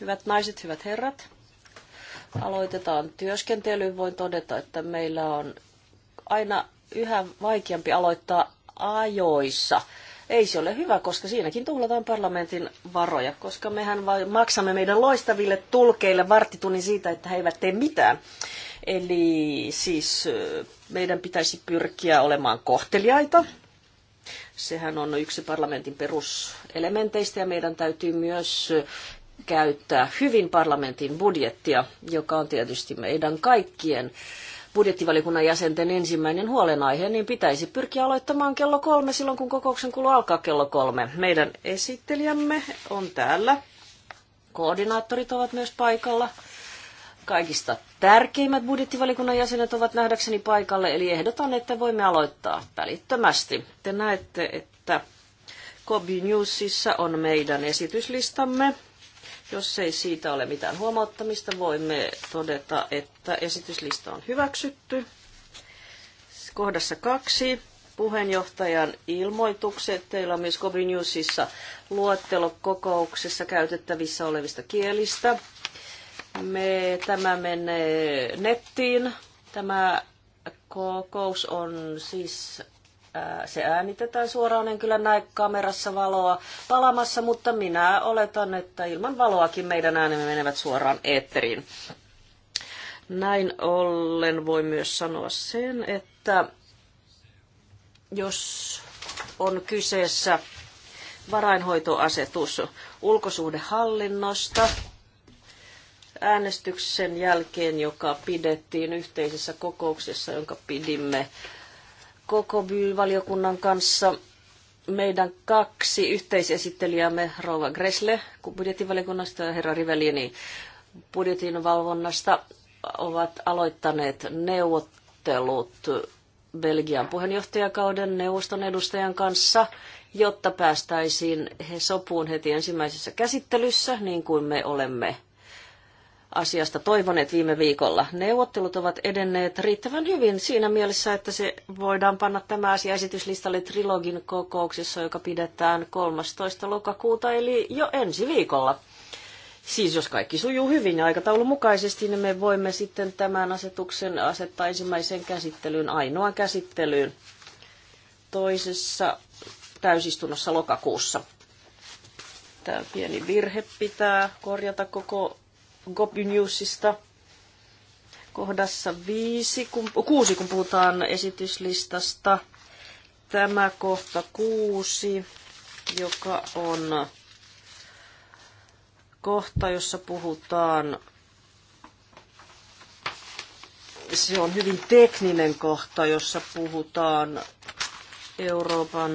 Hyvät naiset, hyvät herrat. Aloitetaan työskentely. Voin todeta, että meillä on aina yhä vaikeampi aloittaa ajoissa. Ei se ole hyvä, koska siinäkin tuhlataan parlamentin varoja, koska mehän maksamme meidän loistaville tulkeille varttitunnin siitä, että he eivät tee mitään. Eli siis meidän pitäisi pyrkiä olemaan kohteliaita, Sehän on yksi parlamentin peruselementeistä ja meidän täytyy myös käyttää hyvin parlamentin budjettia, joka on tietysti meidän kaikkien budjettivalikunnan jäsenten ensimmäinen huolenaihe, niin pitäisi pyrkiä aloittamaan kello kolme silloin, kun kokouksen kulu alkaa kello kolme. Meidän esittelijämme on täällä. Koordinaattorit ovat myös paikalla. Kaikista tärkeimmät budjettivalikunnan jäsenet ovat nähdäkseni paikalle, eli ehdotan, että voimme aloittaa välittömästi. Te näette, että Kobi Newsissa on meidän esityslistamme. Jos ei siitä ole mitään huomauttamista, voimme todeta, että esityslista on hyväksytty. Kohdassa kaksi puheenjohtajan ilmoitukset. Teillä on myös Kobi Newsissa luettelo kokouksessa käytettävissä olevista kielistä. Me, tämä menee nettiin. Tämä kokous on siis, ää, äh, se äänitetään suoraan, en kyllä näe kamerassa valoa palamassa, mutta minä oletan, että ilman valoakin meidän äänemme menevät suoraan eetteriin. Näin ollen voi myös sanoa sen, että jos on kyseessä varainhoitoasetus ulkosuhdehallinnosta, äänestyksen jälkeen, joka pidettiin yhteisessä kokouksessa, jonka pidimme koko valiokunnan kanssa. Meidän kaksi yhteisesittelijämme, Rouva Gresle budjettivaliokunnasta ja herra Rivellini budjetin valvonnasta, ovat aloittaneet neuvottelut Belgian puheenjohtajakauden neuvoston edustajan kanssa, jotta päästäisiin sopuun heti ensimmäisessä käsittelyssä, niin kuin me olemme asiasta toivoneet viime viikolla. Neuvottelut ovat edenneet riittävän hyvin siinä mielessä, että se voidaan panna tämä asia esityslistalle trilogin kokouksessa, joka pidetään 13. lokakuuta, eli jo ensi viikolla. Siis jos kaikki sujuu hyvin ja aikataulun mukaisesti, niin me voimme sitten tämän asetuksen asettaa ensimmäiseen käsittelyyn, ainoaan käsittelyyn toisessa täysistunnossa lokakuussa. Tämä pieni virhe pitää korjata koko Gopinewsista kohdassa viisi, kun, kuusi, kun puhutaan esityslistasta. Tämä kohta kuusi, joka on kohta, jossa puhutaan se on hyvin tekninen kohta, jossa puhutaan Euroopan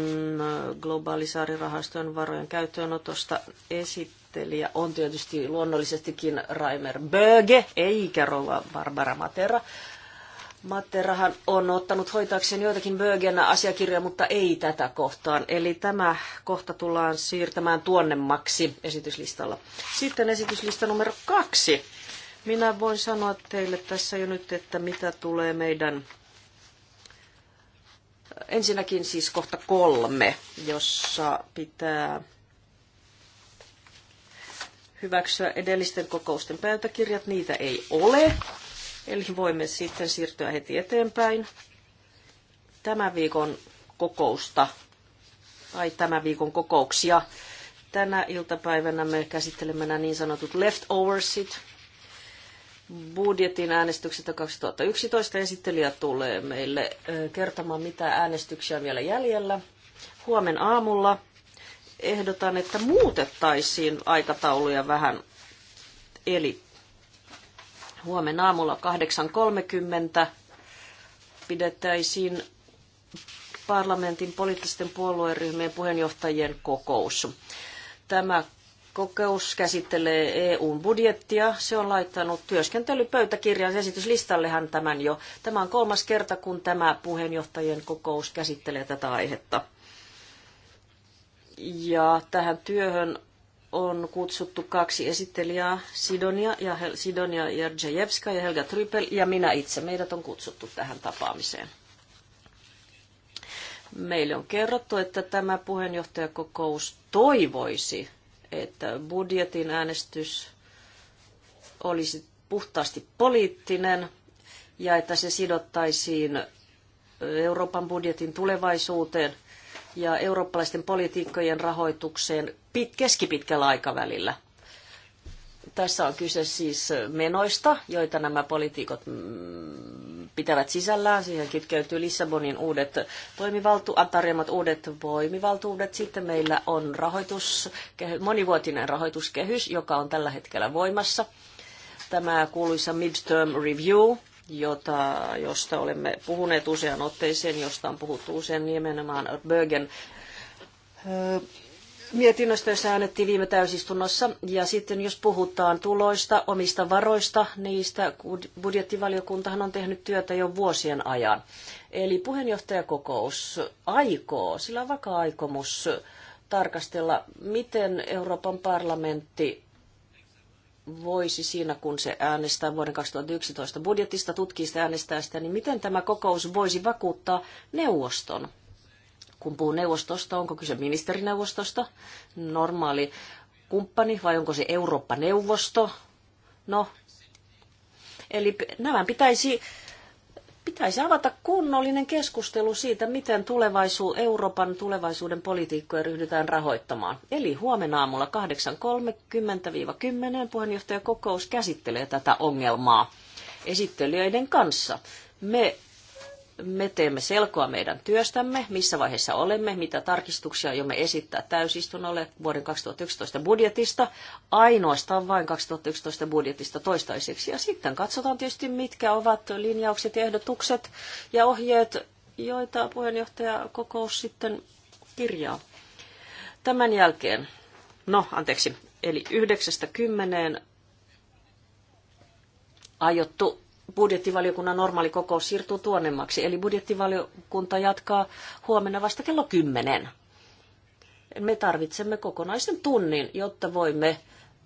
globalisaarirahastojen varojen käyttöönotosta. Esit- valmistelija on tietysti luonnollisestikin Raimer Böge, eikä Rova Barbara Matera. Matterahan on ottanut hoitaakseen joitakin Bögen asiakirjoja, mutta ei tätä kohtaan. Eli tämä kohta tullaan siirtämään tuonnemmaksi esityslistalla. Sitten esityslista numero kaksi. Minä voin sanoa teille tässä jo nyt, että mitä tulee meidän... Ensinnäkin siis kohta kolme, jossa pitää hyväksyä edellisten kokousten pöytäkirjat. Niitä ei ole. Eli voimme sitten siirtyä heti eteenpäin. Tämän viikon kokousta, tai tämän viikon kokouksia. Tänä iltapäivänä me käsittelemme nämä niin sanotut leftoversit, budjetin äänestyksestä 2011. Esittelijä tulee meille kertomaan, mitä äänestyksiä on vielä jäljellä. Huomen aamulla ehdotan, että muutettaisiin aikatauluja vähän. Eli huomenna aamulla 8.30 pidettäisiin parlamentin poliittisten puolueryhmien puheenjohtajien kokous. Tämä kokous käsittelee EUn budjettia. Se on laittanut työskentelypöytäkirjan esityslistallehan tämän jo. Tämä on kolmas kerta, kun tämä puheenjohtajien kokous käsittelee tätä aihetta. Ja tähän työhön on kutsuttu kaksi esittelijää, Sidonia ja, Hel- Sidonia Jerdzejevska ja Helga Trypel, ja minä itse. Meidät on kutsuttu tähän tapaamiseen. Meille on kerrottu, että tämä puheenjohtajakokous toivoisi, että budjetin äänestys olisi puhtaasti poliittinen ja että se sidottaisiin Euroopan budjetin tulevaisuuteen – ja eurooppalaisten politiikkojen rahoitukseen pit- keskipitkällä aikavälillä. Tässä on kyse siis menoista, joita nämä politiikot mm, pitävät sisällään. Siihen kytkeytyy Lissabonin uudet toimivaltu, äh, tarjoamat uudet voimivaltuudet. Sitten meillä on rahoitus, monivuotinen rahoituskehys, joka on tällä hetkellä voimassa. Tämä kuuluisa midterm review, jota, josta olemme puhuneet usean otteeseen, josta on puhuttu usein nimenomaan Bögen mietinnöstä, jossa äänettiin viime täysistunnossa. Ja sitten jos puhutaan tuloista, omista varoista, niistä budjettivaliokuntahan on tehnyt työtä jo vuosien ajan. Eli puheenjohtajakokous aikoo, sillä on vakaa aikomus tarkastella, miten Euroopan parlamentti voisi siinä, kun se äänestää vuoden 2011 budjetista, tutkii sitä äänestää sitä, niin miten tämä kokous voisi vakuuttaa neuvoston? Kun puhuu neuvostosta, onko kyse ministerineuvostosta, normaali kumppani vai onko se Eurooppa-neuvosto? No, eli nämä pitäisi pitäisi avata kunnollinen keskustelu siitä, miten tulevaisu, Euroopan tulevaisuuden politiikkoja ryhdytään rahoittamaan. Eli huomenna aamulla 8.30-10 puheenjohtajakokous käsittelee tätä ongelmaa esittelijöiden kanssa. Me me teemme selkoa meidän työstämme, missä vaiheessa olemme, mitä tarkistuksia me esittää täysistunnolle vuoden 2011 budjetista, ainoastaan vain 2011 budjetista toistaiseksi. Ja sitten katsotaan tietysti, mitkä ovat linjaukset ehdotukset ja ohjeet, joita kokous sitten kirjaa. Tämän jälkeen, no anteeksi, eli 9.10 aiottu budjettivaliokunnan normaali kokous siirtyy tuonnemmaksi. Eli budjettivaliokunta jatkaa huomenna vasta kello 10. Me tarvitsemme kokonaisen tunnin, jotta voimme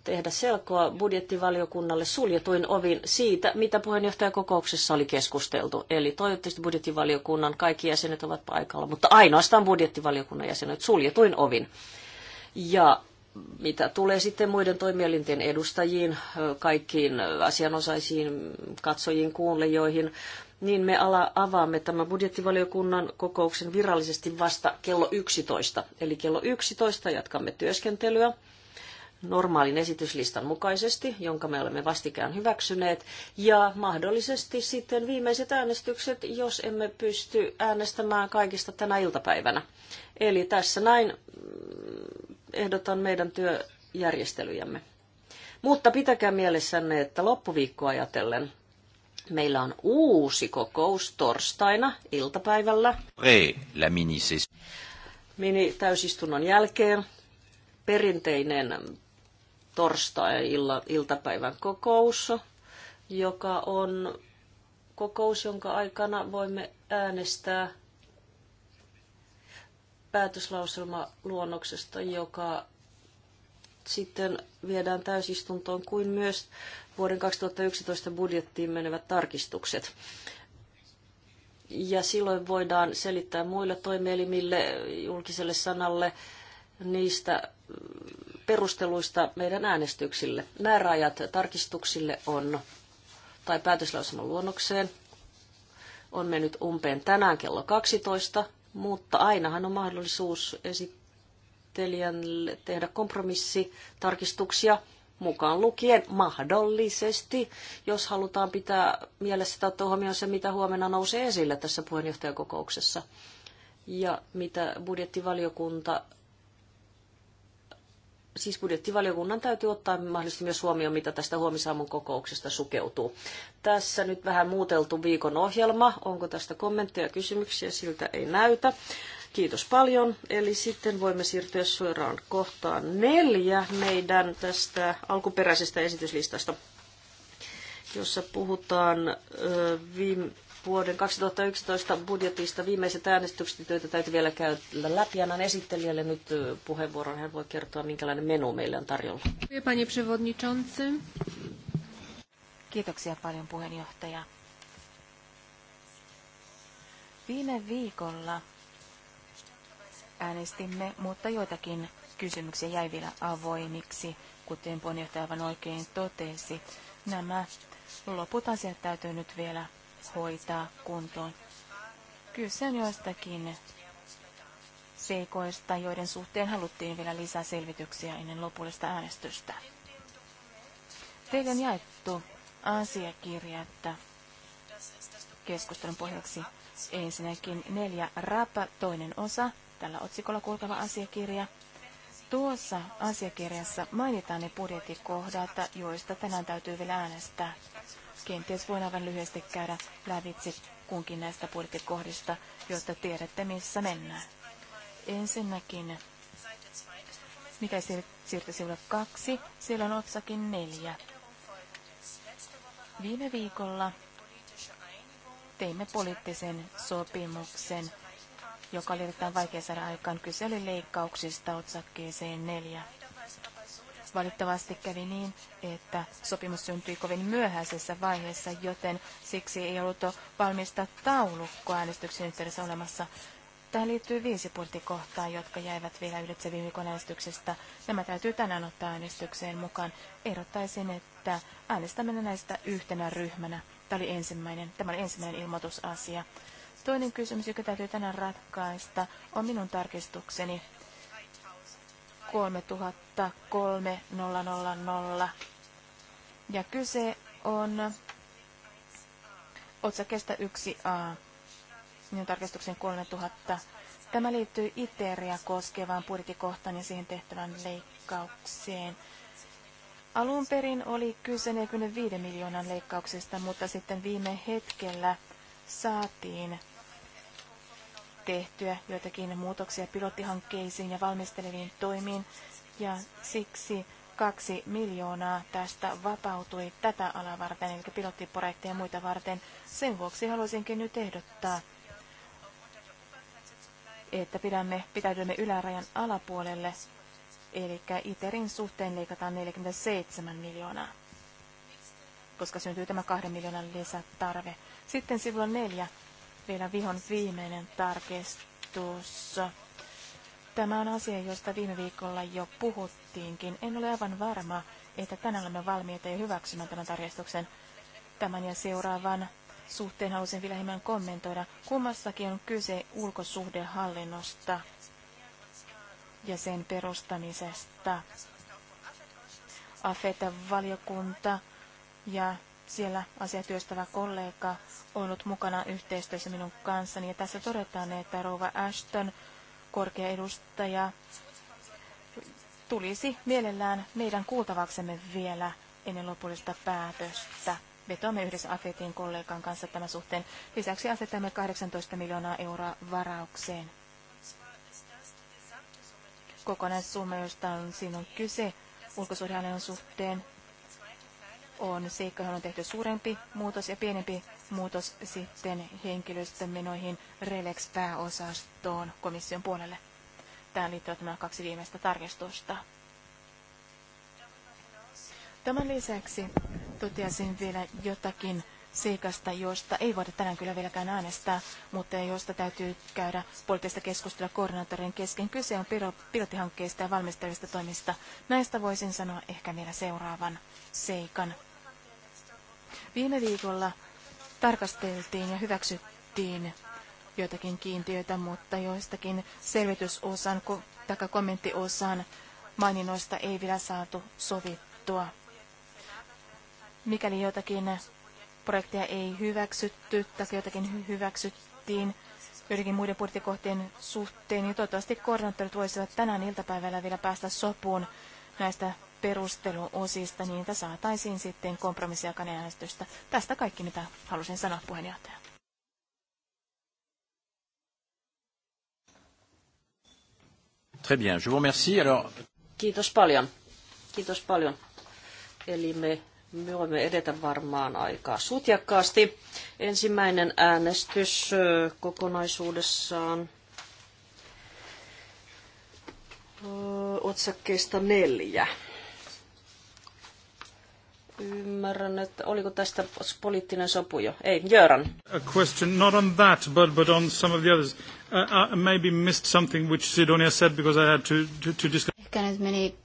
tehdä selkoa budjettivaliokunnalle suljetuin ovin siitä, mitä puheenjohtajakokouksessa oli keskusteltu. Eli toivottavasti budjettivaliokunnan kaikki jäsenet ovat paikalla, mutta ainoastaan budjettivaliokunnan jäsenet suljetuin ovin. Ja mitä tulee sitten muiden toimielinten edustajiin, kaikkiin asianosaisiin, katsojiin, kuunlejoihin, niin me ala, avaamme tämän budjettivaliokunnan kokouksen virallisesti vasta kello 11. Eli kello 11 jatkamme työskentelyä normaalin esityslistan mukaisesti, jonka me olemme vastikään hyväksyneet, ja mahdollisesti sitten viimeiset äänestykset, jos emme pysty äänestämään kaikista tänä iltapäivänä. Eli tässä näin ehdotan meidän työjärjestelyjämme. Mutta pitäkää mielessänne, että loppuviikkoa ajatellen meillä on uusi kokous torstaina iltapäivällä. Pre la mini Mini-täysistunnon jälkeen perinteinen torstai-iltapäivän kokous, joka on kokous, jonka aikana voimme äänestää päätöslauselmaluonnoksesta, joka sitten viedään täysistuntoon, kuin myös vuoden 2011 budjettiin menevät tarkistukset. Ja silloin voidaan selittää muille toimielimille, julkiselle sanalle, niistä perusteluista meidän äänestyksille. Määräajat tarkistuksille on, tai päätöslauselman luonnokseen, on mennyt umpeen tänään kello 12 mutta ainahan on mahdollisuus esittelijän tehdä kompromissitarkistuksia mukaan lukien mahdollisesti, jos halutaan pitää mielessä ottaa huomioon se, mitä huomenna nousee esille tässä puheenjohtajakokouksessa ja mitä budjettivaliokunta siis budjettivaliokunnan täytyy ottaa mahdollisesti myös huomioon, mitä tästä huomisaamun kokouksesta sukeutuu. Tässä nyt vähän muuteltu viikon ohjelma. Onko tästä kommentteja ja kysymyksiä? Siltä ei näytä. Kiitos paljon. Eli sitten voimme siirtyä suoraan kohtaan neljä meidän tästä alkuperäisestä esityslistasta, jossa puhutaan viime vuoden 2011 budjetista viimeiset äänestykset, joita täytyy vielä käydä läpi. Annan esittelijälle nyt puheenvuoron. Hän voi kertoa, minkälainen menu meillä on tarjolla. Kiitoksia paljon puheenjohtaja. Viime viikolla äänestimme, mutta joitakin kysymyksiä jäi vielä avoimiksi, kuten puheenjohtaja aivan oikein totesi. Nämä loput asiat täytyy nyt vielä hoitaa kuntoon. Kyse on joistakin seikoista, joiden suhteen haluttiin vielä lisää selvityksiä ennen lopullista äänestystä. Teille on jaettu asiakirja, että keskustelun pohjaksi ensinnäkin neljä rapa, toinen osa, tällä otsikolla kulkeva asiakirja – Tuossa asiakirjassa mainitaan ne budjettikohdat, joista tänään täytyy vielä äänestää. Kenties voin aivan lyhyesti käydä lävitse kunkin näistä budjettikohdista, joista tiedätte, missä mennään. Ensinnäkin, mikä siirtyy sivulle kaksi, siellä on otsakin neljä. Viime viikolla teimme poliittisen sopimuksen joka oli erittäin vaikea saada aikaan. kyseli leikkauksista otsakkeeseen neljä. Valitettavasti kävi niin, että sopimus syntyi kovin myöhäisessä vaiheessa, joten siksi ei ollut valmista taulukkoa äänestyksen yhteydessä olemassa. Tähän liittyy viisi purtikohtaa, jotka jäivät vielä ylitse viime viikon äänestyksestä. Nämä täytyy tänään ottaa äänestykseen mukaan. Ehdottaisin, että äänestämme näistä yhtenä ryhmänä. Tämä oli ensimmäinen, tämä oli ensimmäinen ilmoitusasia. Toinen kysymys, joka täytyy tänään ratkaista, on minun tarkistukseni 3003000 Ja kyse on otsakesta 1a, minun tarkistuksen 3000. Tämä liittyy ITERiä koskevaan budjettikohtaan ja siihen tehtävän leikkaukseen. Alun perin oli kyse 45 miljoonan leikkauksesta, mutta sitten viime hetkellä saatiin tehtyä joitakin muutoksia pilottihankkeisiin ja valmisteleviin toimiin, ja siksi kaksi miljoonaa tästä vapautui tätä alaa varten, eli pilottiprojekteja ja muita varten. Sen vuoksi haluaisinkin nyt ehdottaa, että pidämme, pitäydymme ylärajan alapuolelle, eli ITERin suhteen leikataan 47 miljoonaa, koska syntyy tämä kahden miljoonan lisätarve. Sitten sivulla neljä vielä vihon viimeinen tarkistus. Tämä on asia, josta viime viikolla jo puhuttiinkin. En ole aivan varma, että tänään olemme valmiita ja hyväksymään tämän tarkistuksen. Tämän ja seuraavan suhteen haluaisin vielä hieman kommentoida. Kummassakin on kyse ulkosuhdehallinnosta ja sen perustamisesta. AFETA-valiokunta ja siellä asiatyöstävä kollega on ollut mukana yhteistyössä minun kanssani. Ja tässä todetaan, että Rova Ashton, korkea edustaja, tulisi mielellään meidän kuultavaksemme vielä ennen lopullista päätöstä. Vetoamme yhdessä Afetin kollegan kanssa tämän suhteen. Lisäksi asetamme 18 miljoonaa euroa varaukseen. Kokonaissumma, josta on, sinun kyse ulkosuhdehallinnon suhteen, on seikka, johon on tehty suurempi muutos ja pienempi muutos sitten henkilöstön menoihin RELEX-pääosastoon komission puolelle. Tähän liittyvät nämä kaksi viimeistä tarkistusta. Tämän lisäksi toteaisin vielä jotakin seikasta, josta ei voida tänään kyllä vieläkään äänestää, mutta josta täytyy käydä poliittista keskustelua koordinaattorien kesken. Kyse on pilottihankkeista ja valmistelevista toimista. Näistä voisin sanoa ehkä vielä seuraavan seikan. Viime viikolla tarkasteltiin ja hyväksyttiin joitakin kiintiöitä, mutta joistakin selvitysosan tai kommenttiosan maininnoista ei vielä saatu sovittua. Mikäli jotakin projekteja ei hyväksytty tai jotakin hyväksyttiin joidenkin muiden budjettikohtien suhteen, niin toivottavasti koordinaattorit voisivat tänään iltapäivällä vielä päästä sopuun näistä perusteluosista, niin niitä saataisiin sitten kompromissia äänestystä. Tästä kaikki, mitä halusin sanoa puheenjohtaja. Très bien, je vous remercie. Alors... Kiitos paljon. Kiitos paljon. Eli me me voimme edetä varmaan aika sutjakkaasti. Ensimmäinen äänestys kokonaisuudessaan otsakkeesta neljä. Ymmärrän, että oliko tästä poliittinen sopu jo? Ei, Jöran. A question, not on that, but, but on some of the others. Uh, I maybe missed something which Sidonia said because I had to, to, to discuss. Ehkä nyt meni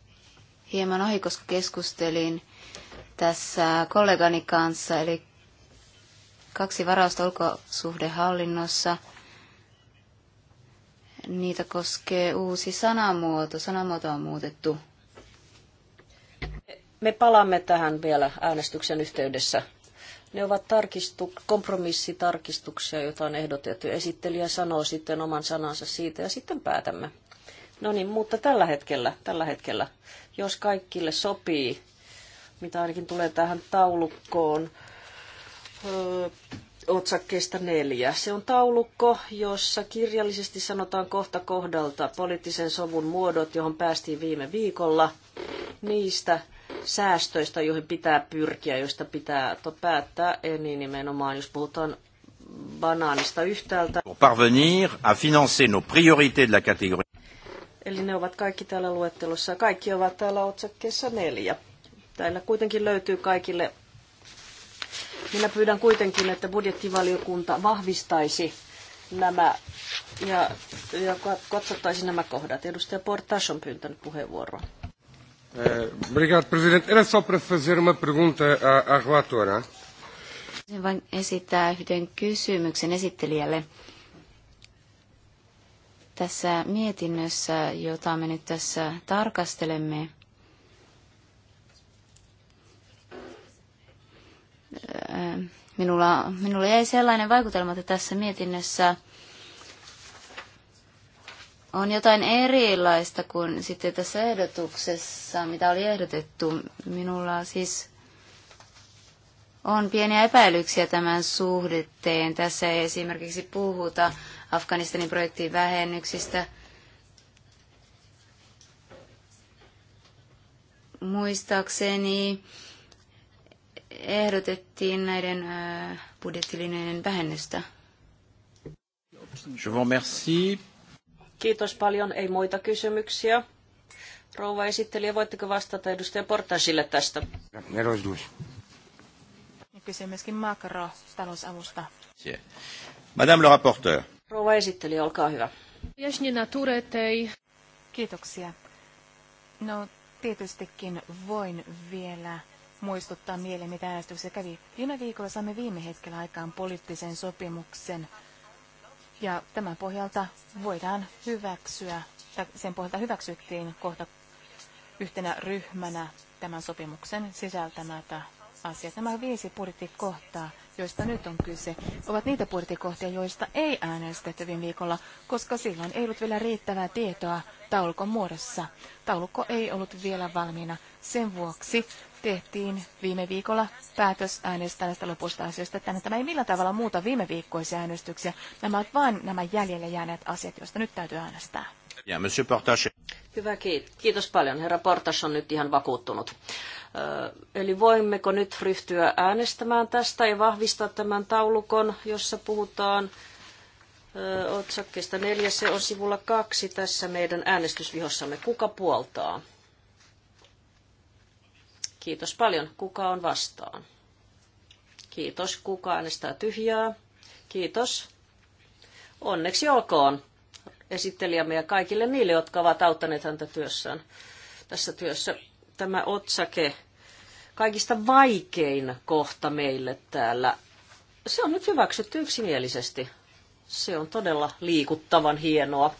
hieman ohi, koska keskustelin tässä kollegani kanssa, eli kaksi varausta ulkosuhdehallinnossa. Niitä koskee uusi sanamuoto. Sanamuoto on muutettu me palaamme tähän vielä äänestyksen yhteydessä. Ne ovat tarkistu, kompromissitarkistuksia, joita on ehdotettu. Esittelijä sanoo sitten oman sanansa siitä ja sitten päätämme. No niin, mutta tällä hetkellä, tällä hetkellä, jos kaikille sopii, mitä ainakin tulee tähän taulukkoon, öö, otsakkeesta neljä. Se on taulukko, jossa kirjallisesti sanotaan kohta kohdalta poliittisen sovun muodot, johon päästiin viime viikolla. Niistä säästöistä, joihin pitää pyrkiä, joista pitää päättää, e, niin nimenomaan jos puhutaan banaanista yhtäältä. Pour parvenir à financer nos priorités de la catégorie. Eli ne ovat kaikki täällä luettelossa ja kaikki ovat täällä otsakkeessa neljä. Täällä kuitenkin löytyy kaikille. Minä pyydän kuitenkin, että budjettivaliokunta vahvistaisi nämä ja, ja katsottaisi nämä kohdat. Edustaja Portas on pyytänyt puheenvuoroa. Eh, obrigado, Presidente. Era só para fazer uma pergunta à, à relatora. Vain esittää yhden kysymyksen esittelijälle. Tässä mietinnössä, jota me nyt tässä tarkastelemme, eh, minulla, minulla ei sellainen vaikutelma, että tässä mietinnössä on jotain erilaista kuin sitten tässä ehdotuksessa, mitä oli ehdotettu. Minulla siis on pieniä epäilyksiä tämän suhdetteen. Tässä ei esimerkiksi puhuta Afganistanin projektin vähennyksistä, muistaakseni ehdotettiin näiden budjettilinjojen vähennystä. Je vous remercie. Kiitos paljon. Ei muita kysymyksiä. Rouva esittelijä, voitteko vastata edustaja Portasille tästä? Ja kyse myöskin makrotalousavusta. Madame le rapporteur. Rouva esittelijä, olkaa hyvä. Kiitoksia. No tietystikin voin vielä muistuttaa mieleen, mitä äänestyksessä kävi. Viime viikolla saimme viime hetkellä aikaan poliittisen sopimuksen ja tämän pohjalta voidaan hyväksyä, tai sen pohjalta hyväksyttiin kohta yhtenä ryhmänä tämän sopimuksen sisältämätä asia. Nämä viisi budjettikohtaa joista nyt on kyse, ovat niitä budjettikohtia, joista ei äänestetty viime viikolla, koska silloin ei ollut vielä riittävää tietoa taulukon muodossa. Taulukko ei ollut vielä valmiina. Sen vuoksi tehtiin viime viikolla päätös äänestää näistä lopuista asioista tänne. Tämä ei millään tavalla muuta viime viikkoisia äänestyksiä. Nämä ovat vain nämä jäljelle jääneet asiat, joista nyt täytyy äänestää. Ja, Hyvä, kiitos paljon. Herra Portas on nyt ihan vakuuttunut. Eli voimmeko nyt ryhtyä äänestämään tästä ja vahvistaa tämän taulukon, jossa puhutaan otsakkeesta neljä. Se on sivulla kaksi tässä meidän äänestysvihossamme. Kuka puoltaa? Kiitos paljon. Kuka on vastaan? Kiitos. Kuka äänestää tyhjää? Kiitos. Onneksi olkoon esittelijämme ja kaikille niille, jotka ovat auttaneet häntä työssään, tässä työssä tämä otsake, kaikista vaikein kohta meille täällä, se on nyt hyväksytty yksimielisesti. Se on todella liikuttavan hienoa.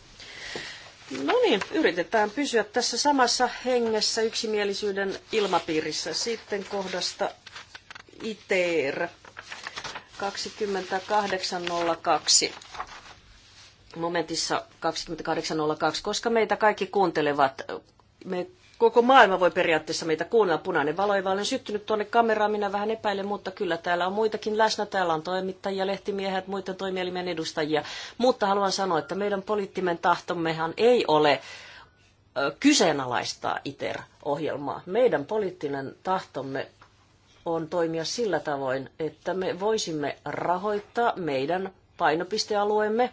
No niin, yritetään pysyä tässä samassa hengessä yksimielisyyden ilmapiirissä. Sitten kohdasta ITER 2802. Momentissa 2802, koska meitä kaikki kuuntelevat, me koko maailma voi periaatteessa meitä kuunnella. Punainen valo ei vaan olen syttynyt tuonne kameraan, minä vähän epäilen, mutta kyllä täällä on muitakin läsnä. Täällä on toimittajia, lehtimiehiä, muiden toimielimien edustajia. Mutta haluan sanoa, että meidän poliittinen tahtommehan ei ole kyseenalaistaa ITER-ohjelmaa. Meidän poliittinen tahtomme on toimia sillä tavoin, että me voisimme rahoittaa meidän painopistealueemme.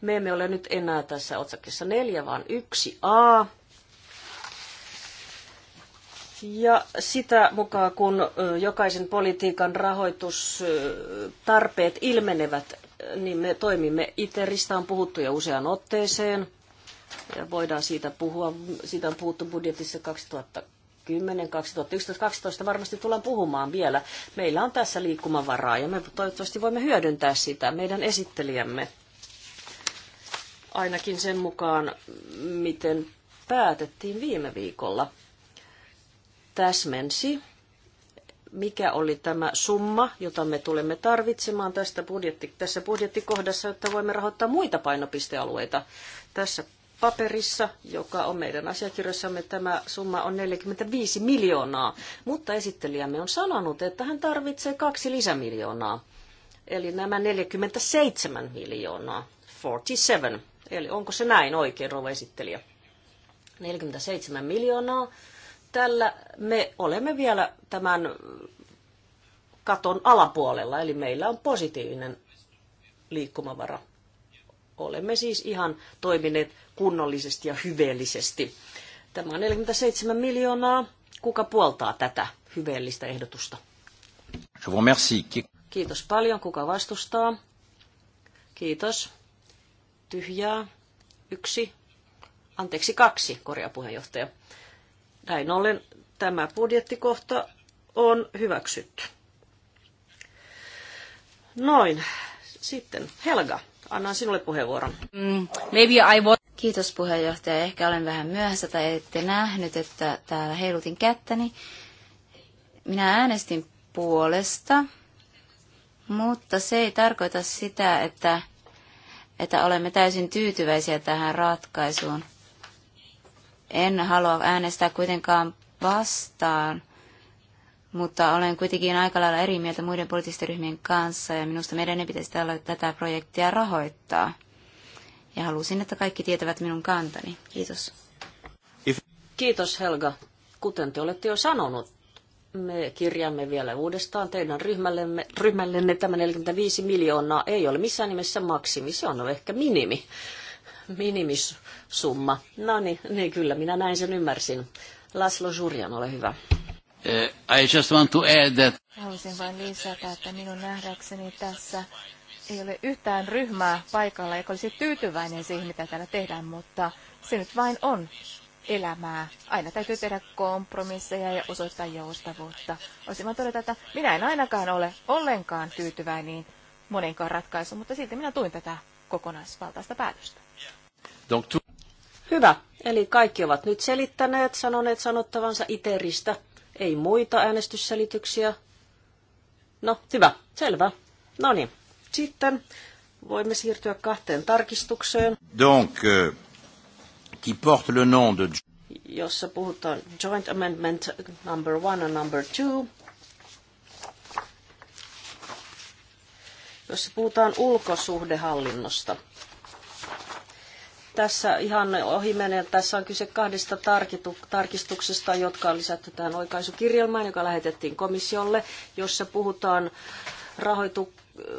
Me emme ole nyt enää tässä otsakkeessa neljä, vaan yksi A, ja sitä mukaan, kun jokaisen politiikan rahoitustarpeet ilmenevät, niin me toimimme. ITERistä on puhuttu jo useaan otteeseen. Ja voidaan siitä puhua. Siitä on puhuttu budjetissa 2010, 2011, 2012 varmasti tullaan puhumaan vielä. Meillä on tässä liikkumavaraa ja me toivottavasti voimme hyödyntää sitä meidän esittelijämme. Ainakin sen mukaan, miten päätettiin viime viikolla täsmensi, mikä oli tämä summa, jota me tulemme tarvitsemaan tästä budjetti, tässä budjettikohdassa, jotta voimme rahoittaa muita painopistealueita. Tässä paperissa, joka on meidän asiakirjassamme, tämä summa on 45 miljoonaa, mutta esittelijämme on sanonut, että hän tarvitsee kaksi lisämiljoonaa, eli nämä 47 miljoonaa, 47, eli onko se näin oikein, rouva esittelijä? 47 miljoonaa tällä me olemme vielä tämän katon alapuolella, eli meillä on positiivinen liikkumavara. Olemme siis ihan toimineet kunnollisesti ja hyveellisesti. Tämä on 47 miljoonaa. Kuka puoltaa tätä hyveellistä ehdotusta? Kiitos paljon. Kuka vastustaa? Kiitos. Tyhjää. Yksi. Anteeksi, kaksi, korjaa puheenjohtaja. Näin ollen tämä budjettikohta on hyväksytty. Noin. Sitten Helga, annan sinulle puheenvuoron. Mm, maybe I want... Kiitos puheenjohtaja. Ehkä olen vähän myöhässä tai ette nähnyt, että täällä heilutin kättäni. Minä äänestin puolesta, mutta se ei tarkoita sitä, että, että olemme täysin tyytyväisiä tähän ratkaisuun. En halua äänestää kuitenkaan vastaan, mutta olen kuitenkin aika lailla eri mieltä muiden poliittisten ryhmien kanssa ja minusta meidän ei pitäisi tällä tätä projektia rahoittaa. Ja halusin, että kaikki tietävät minun kantani. Kiitos. Kiitos Helga. Kuten te olette jo sanonut, me kirjaamme vielä uudestaan teidän ryhmällemme, ryhmällenne tämä 45 miljoonaa ei ole missään nimessä maksimi, se on ehkä minimi. Minimis summa. No niin, niin kyllä, minä näin sen ymmärsin. Laslo Jurjan, ole hyvä. Eh, I just want to add that... Haluaisin vain lisätä, että minun nähdäkseni tässä ei ole yhtään ryhmää paikalla, joka olisi tyytyväinen siihen, mitä täällä tehdään, mutta se nyt vain on elämää. Aina täytyy tehdä kompromisseja ja osoittaa joustavuutta. Olisin vaan todeta, että minä en ainakaan ole ollenkaan tyytyväinen monenkaan ratkaisuun, mutta silti minä tuin tätä kokonaisvaltaista päätöstä. Donc, tu... Hyvä. Eli kaikki ovat nyt selittäneet, sanoneet sanottavansa ITERistä. Ei muita äänestysselityksiä. No, hyvä. Selvä. No niin. Sitten voimme siirtyä kahteen tarkistukseen. Donc, euh, qui porte le nom de... Jossa puhutaan joint amendment number one and number two. Jossa puhutaan ulkosuhdehallinnosta tässä ihan ohi Tässä on kyse kahdesta tarkistuksesta, jotka on lisätty tähän oikaisukirjelmään, joka lähetettiin komissiolle, jossa puhutaan rahoitu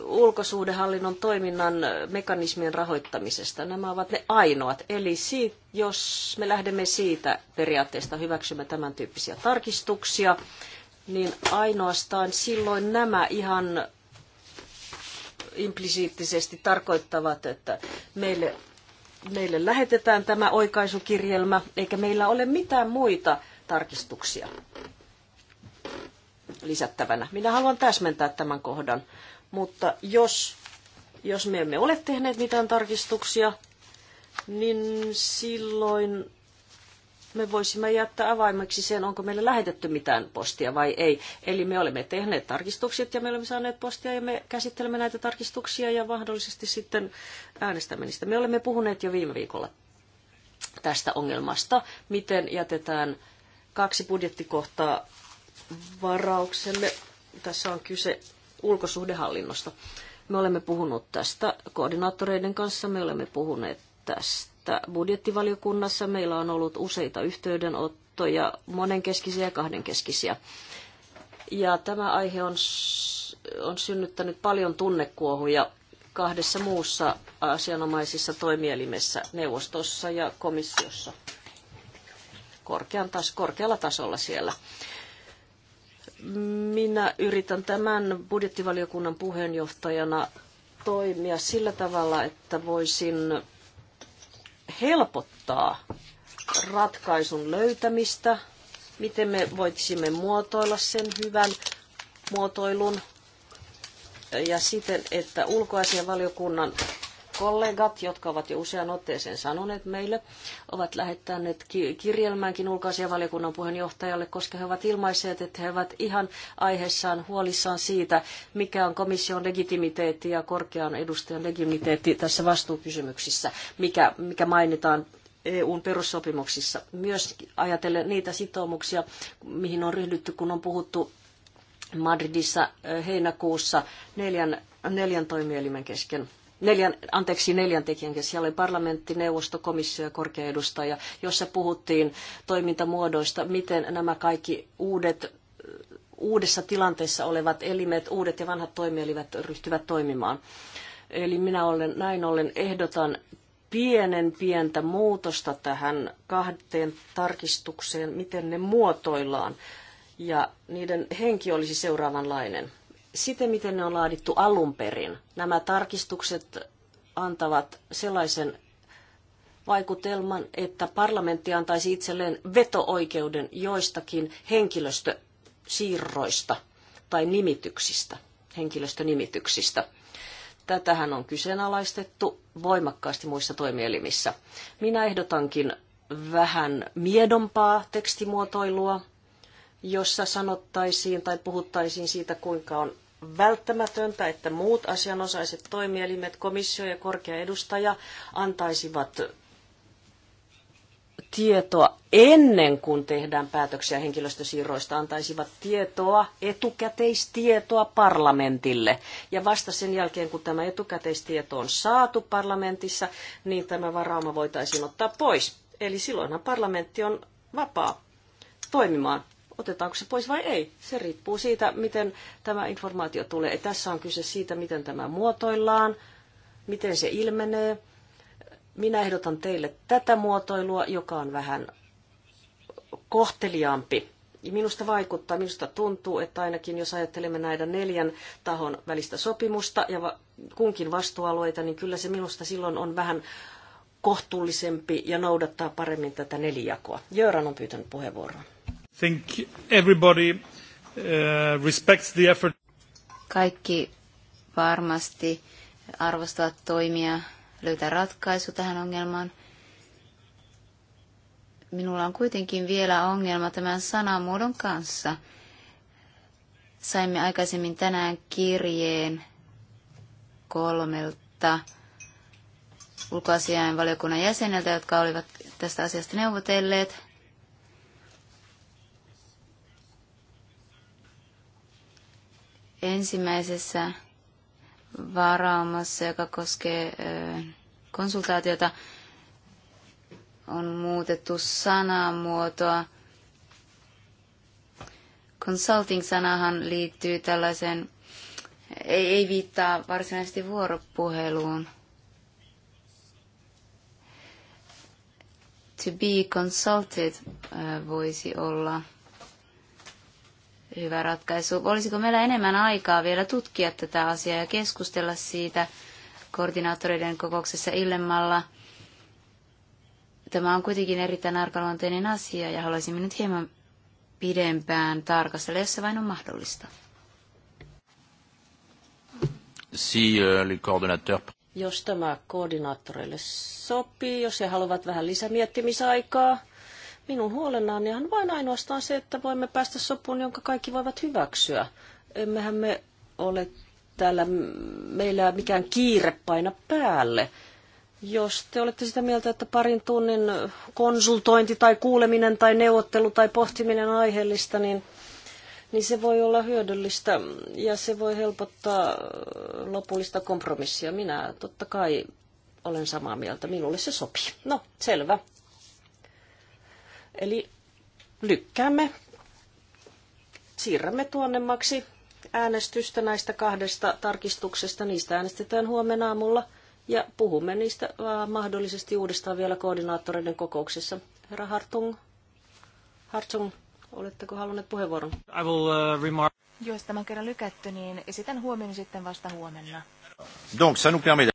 ulkosuhdehallinnon toiminnan mekanismien rahoittamisesta. Nämä ovat ne ainoat. Eli siitä, jos me lähdemme siitä periaatteesta hyväksymme tämän tyyppisiä tarkistuksia, niin ainoastaan silloin nämä ihan implisiittisesti tarkoittavat, että meille meille lähetetään tämä oikaisukirjelmä, eikä meillä ole mitään muita tarkistuksia lisättävänä. Minä haluan täsmentää tämän kohdan, mutta jos, jos me emme ole tehneet mitään tarkistuksia, niin silloin me voisimme jättää avaimeksi sen, onko meille lähetetty mitään postia vai ei. Eli me olemme tehneet tarkistukset ja me olemme saaneet postia ja me käsittelemme näitä tarkistuksia ja mahdollisesti sitten äänestämme niistä. Me olemme puhuneet jo viime viikolla tästä ongelmasta, miten jätetään kaksi budjettikohtaa varauksemme Tässä on kyse ulkosuhdehallinnosta. Me olemme puhuneet tästä koordinaattoreiden kanssa, me olemme puhuneet tästä että budjettivaliokunnassa meillä on ollut useita yhteydenottoja, monenkeskisiä ja kahdenkeskisiä. Ja tämä aihe on, on synnyttänyt paljon tunnekuohuja kahdessa muussa asianomaisissa toimielimessä, neuvostossa ja komissiossa, Korkean tas, korkealla tasolla siellä. Minä yritän tämän budjettivaliokunnan puheenjohtajana toimia sillä tavalla, että voisin helpottaa ratkaisun löytämistä, miten me voisimme muotoilla sen hyvän muotoilun ja siten, että ulkoasianvaliokunnan kollegat, jotka ovat jo usean otteeseen sanoneet meille, ovat lähettäneet kirjelmänkin ulkoasianvaliokunnan puheenjohtajalle, koska he ovat ilmaisseet, että he ovat ihan aiheessaan huolissaan siitä, mikä on komission legitimiteetti ja korkean edustajan legitimiteetti tässä vastuukysymyksissä, mikä, mikä mainitaan EUn perussopimuksissa. Myös ajatellen niitä sitoumuksia, mihin on ryhdytty, kun on puhuttu Madridissa eh, heinäkuussa neljän, neljän toimielimen kesken neljän, anteeksi, neljän tekijän kesken. oli parlamentti, neuvosto, komissio ja korkea edustaja, jossa puhuttiin toimintamuodoista, miten nämä kaikki uudet uudessa tilanteessa olevat elimet, uudet ja vanhat toimielimet ryhtyvät toimimaan. Eli minä olen, näin ollen ehdotan pienen pientä muutosta tähän kahteen tarkistukseen, miten ne muotoillaan. Ja niiden henki olisi seuraavanlainen siten, miten ne on laadittu alun perin. Nämä tarkistukset antavat sellaisen vaikutelman, että parlamentti antaisi itselleen veto-oikeuden joistakin henkilöstösiirroista tai nimityksistä, henkilöstönimityksistä. Tätähän on kyseenalaistettu voimakkaasti muissa toimielimissä. Minä ehdotankin vähän miedompaa tekstimuotoilua, jossa sanottaisiin tai puhuttaisiin siitä, kuinka on välttämätöntä, että muut asianosaiset toimielimet, komissio ja korkea edustaja antaisivat tietoa ennen kuin tehdään päätöksiä henkilöstösiirroista, antaisivat tietoa, etukäteistietoa parlamentille. Ja vasta sen jälkeen, kun tämä etukäteistieto on saatu parlamentissa, niin tämä varauma voitaisiin ottaa pois. Eli silloinhan parlamentti on vapaa toimimaan otetaanko se pois vai ei. Se riippuu siitä, miten tämä informaatio tulee. Tässä on kyse siitä, miten tämä muotoillaan, miten se ilmenee. Minä ehdotan teille tätä muotoilua, joka on vähän kohteliaampi. Minusta vaikuttaa, minusta tuntuu, että ainakin jos ajattelemme näiden neljän tahon välistä sopimusta ja kunkin vastuualueita, niin kyllä se minusta silloin on vähän kohtuullisempi ja noudattaa paremmin tätä nelijakoa. Jöran on pyytänyt puheenvuoroa think everybody uh, respects the effort. Kaikki varmasti arvostavat toimia, löytää ratkaisu tähän ongelmaan. Minulla on kuitenkin vielä ongelma tämän sanamuodon kanssa. Saimme aikaisemmin tänään kirjeen kolmelta ulkoasiainvaliokunnan jäseneltä, jotka olivat tästä asiasta neuvotelleet. ensimmäisessä varaamassa, joka koskee konsultaatiota, on muutettu sanamuotoa. Consulting-sanahan liittyy tällaiseen, ei, ei viittaa varsinaisesti vuoropuheluun. To be consulted voisi olla hyvä ratkaisu. Olisiko meillä enemmän aikaa vielä tutkia tätä asiaa ja keskustella siitä koordinaattoreiden kokouksessa illemmalla? Tämä on kuitenkin erittäin arkaluonteinen asia ja haluaisimme nyt hieman pidempään tarkastella, jos se vain on mahdollista. Si, uh, Jos tämä koordinaattoreille sopii, jos he haluavat vähän lisämiettimisaikaa, Minun huolenaani on vain ainoastaan se, että voimme päästä sopuun, jonka kaikki voivat hyväksyä. Emmehän me ole täällä, meillä mikään kiire paina päälle. Jos te olette sitä mieltä, että parin tunnin konsultointi tai kuuleminen tai neuvottelu tai pohtiminen on aiheellista, niin, niin se voi olla hyödyllistä ja se voi helpottaa lopullista kompromissia. Minä totta kai olen samaa mieltä, minulle se sopii. No, selvä. Eli lykkäämme, siirrämme tuonnemmaksi äänestystä näistä kahdesta tarkistuksesta. Niistä äänestetään huomenna aamulla ja puhumme niistä mahdollisesti uudestaan vielä koordinaattoreiden kokouksessa. Herra Hartung, Hartung oletteko halunneet puheenvuoron? I will, uh, remark... Jos tämän kerran lykätty, niin esitän huomioon sitten vasta huomenna. Donc, ça nous permet...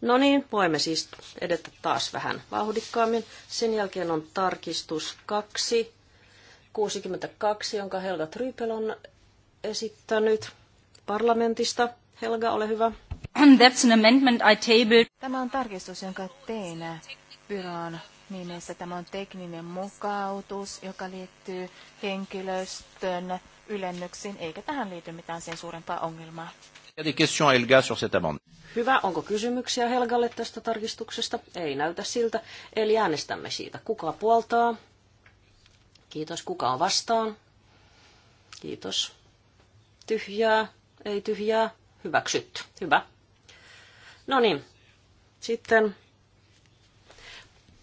No niin, voimme siis edetä taas vähän vauhdikkaammin. Sen jälkeen on tarkistus 2, 62, jonka Helga Trypel on esittänyt parlamentista. Helga, ole hyvä. That's an amendment I tabled. Tämä on tarkistus, jonka tein byroon nimessä. Tämä on tekninen mukautus, joka liittyy henkilöstön ylennyksiin, eikä tähän liity mitään sen suurempaa ongelmaa. Hyvä, onko kysymyksiä Helgalle tästä tarkistuksesta? Ei näytä siltä. Eli äänestämme siitä. Kuka puoltaa? Kiitos. Kuka on vastaan? Kiitos. Tyhjää? Ei tyhjää? Hyväksytty. Hyvä. No niin. Sitten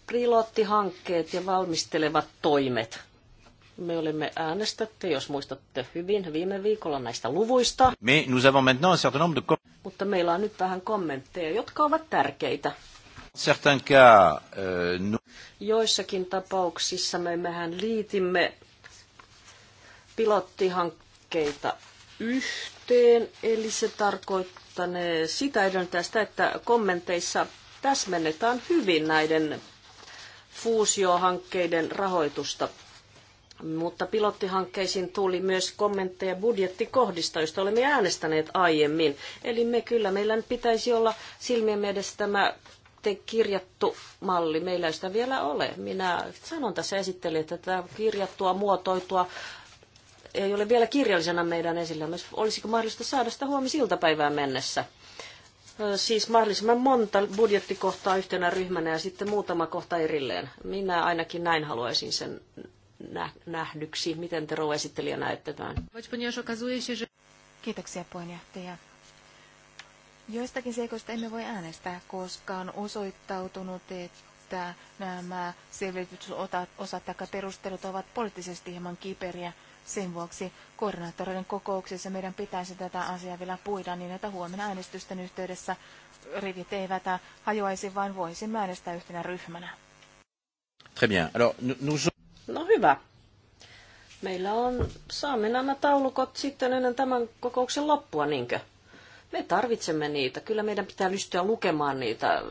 pilottihankkeet ja valmistelevat toimet. Me olemme äänestätte, jos muistatte hyvin, viime viikolla näistä luvuista. Me, nous avons maintenant un certain nombre de... Mutta meillä on nyt vähän kommentteja, jotka ovat tärkeitä. Certain cas, euh, nous... Joissakin tapauksissa me mehän liitimme pilottihankkeita yhteen, eli se tarkoittanee sitä edellyttää sitä, että kommenteissa täsmennetään hyvin näiden fuusiohankkeiden rahoitusta mutta pilottihankkeisiin tuli myös kommentteja budjettikohdista, joista olemme äänestäneet aiemmin. Eli me kyllä, meillä nyt pitäisi olla silmiemme edessä tämä kirjattu malli. Meillä ei sitä vielä ole. Minä sanon tässä esittelijä, että tämä kirjattua, muotoitua ei ole vielä kirjallisena meidän esillä. Olisiko mahdollista saada sitä huomisiltapäivään mennessä? siis mahdollisimman monta budjettikohtaa yhtenä ryhmänä ja sitten muutama kohta erilleen. Minä ainakin näin haluaisin sen nähdyksi. Miten te rouva-esittelijä näette tämän? Kiitoksia puheenjohtaja. Joistakin seikoista emme voi äänestää, koska on osoittautunut, että nämä selvitysosat tai perustelut ovat poliittisesti hieman kiperiä. Sen vuoksi koordinaattoreiden kokouksessa meidän pitäisi tätä asiaa vielä puida niin, että huomenna äänestysten yhteydessä rivit eivät hajoaisi, vaan voisimme äänestää yhtenä ryhmänä. Très bien. Alors, nous... No hyvä. Meillä on, saamme nämä taulukot sitten ennen tämän kokouksen loppua, niinkö? Me tarvitsemme niitä. Kyllä meidän pitää lystyä lukemaan niitä.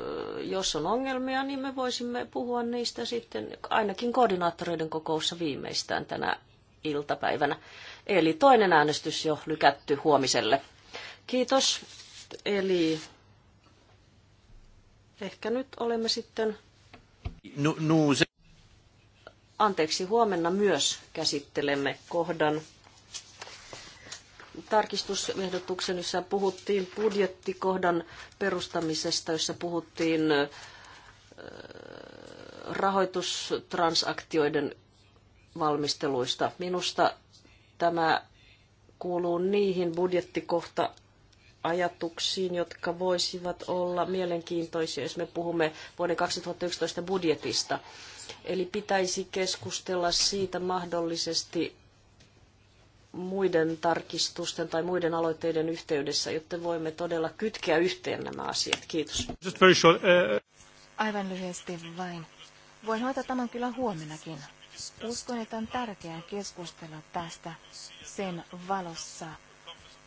Jos on ongelmia, niin me voisimme puhua niistä sitten ainakin koordinaattoreiden kokoussa viimeistään tänä iltapäivänä. Eli toinen äänestys jo lykätty huomiselle. Kiitos. Eli ehkä nyt olemme sitten... No, no, se... Anteeksi, huomenna myös käsittelemme kohdan tarkistusehdotuksen, jossa puhuttiin budjettikohdan perustamisesta, jossa puhuttiin rahoitustransaktioiden valmisteluista. Minusta tämä kuuluu niihin budjettikohta ajatuksiin, jotka voisivat olla mielenkiintoisia, jos me puhumme vuoden 2011 budjetista. Eli pitäisi keskustella siitä mahdollisesti muiden tarkistusten tai muiden aloitteiden yhteydessä, jotta voimme todella kytkeä yhteen nämä asiat. Kiitos. Uh, Aivan lyhyesti vain. Voin hoitaa tämän kyllä huomennakin. Uskon, että on tärkeää keskustella tästä sen valossa,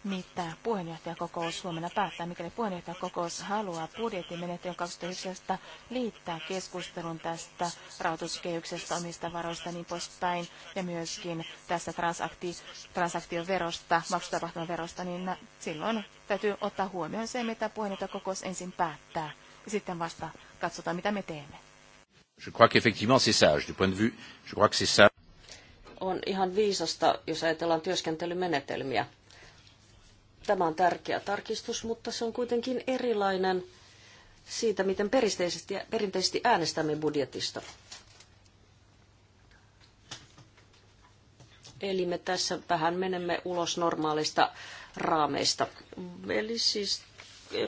mitä puheenjohtajakokous huomenna päättää. Mikäli puheenjohtajakokous haluaa budjettimenettelyn 2019 liittää keskustelun tästä rahoituskehyksestä, omista varoista ja niin poispäin, ja myöskin tästä transakti, transaktioverosta, maksutapahtumaverosta, verosta, niin silloin täytyy ottaa huomioon se, mitä puheenjohtajakokous ensin päättää, ja sitten vasta katsotaan, mitä me teemme. Je crois qu'effectivement c'est sage. Du point de vue, je crois que c'est sage on ihan viisasta, jos ajatellaan työskentelymenetelmiä. Tämä on tärkeä tarkistus, mutta se on kuitenkin erilainen siitä, miten perinteisesti äänestämme budjetista. Eli me tässä vähän menemme ulos normaalista raameista. Eli siis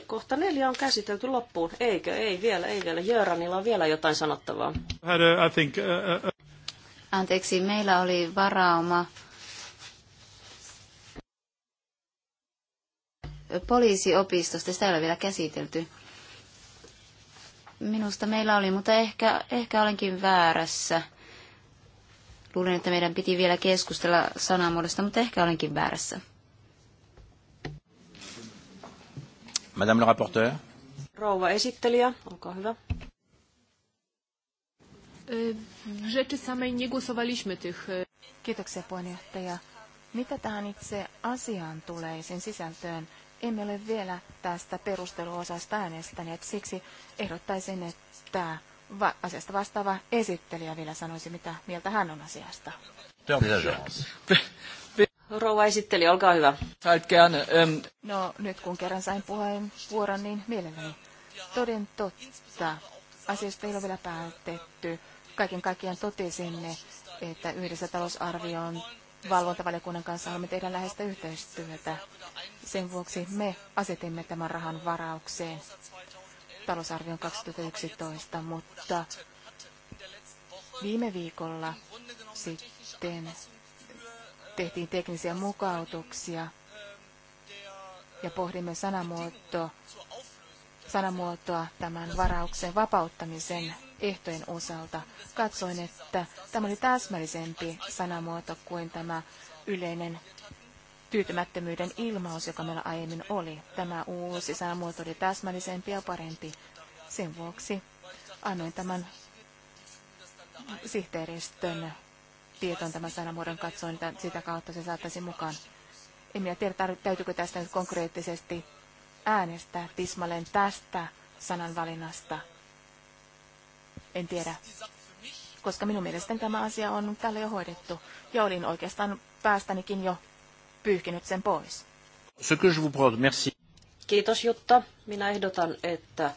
kohta neljä on käsitelty loppuun. Eikö? Ei vielä, ei vielä. Jöranilla on vielä jotain sanottavaa. Anteeksi, meillä oli varauma poliisiopistosta, sitä ei ole vielä käsitelty. Minusta meillä oli, mutta ehkä, ehkä olenkin väärässä. Luulin, että meidän piti vielä keskustella sanamuodosta, mutta ehkä olenkin väärässä. Madame le rapporteur. Rouva esittelijä, olkaa hyvä. Rzeczy samej nie głosowaliśmy tych. Kiitoksia puheenjohtaja. Mitä tähän itse asiaan tulee, sen sisältöön, emme ole vielä tästä perusteluosasta äänestäneet, siksi ehdottaisin, että asiasta vastaava esittelijä vielä sanoisi, mitä mieltä hän on asiasta. Rouva esitteli, olkaa hyvä. Ähm, no nyt kun kerran sain puheenvuoron, niin mielelläni. Toden totta, asiasta ei ole vielä päätetty. Kaiken kaikkiaan totesimme, että yhdessä talousarvion valvontavaliokunnan kanssa haluamme tehdä läheistä yhteistyötä. Sen vuoksi me asetimme tämän rahan varaukseen talousarvion 2011, mutta viime viikolla sitten tehtiin teknisiä mukautuksia ja pohdimme sanamuotoa, sanamuotoa tämän varauksen vapauttamisen ehtojen osalta. Katsoin, että tämä oli täsmällisempi sanamuoto kuin tämä yleinen tyytymättömyyden ilmaus, joka meillä aiemmin oli. Tämä uusi sanamuoto oli täsmällisempi ja parempi. Sen vuoksi annoin tämän sihteeristön tietoon tämän sanamuodon katsoin, että sitä kautta se saattaisi mukaan. En minä tiedä, täytyykö tästä nyt konkreettisesti äänestää tismalleen tästä sananvalinnasta. En tiedä, koska minun mielestäni tämä asia on tällä jo hoidettu. Ja olin oikeastaan päästänikin jo pyyhkinyt sen pois. Kiitos Jutta. Minä ehdotan, että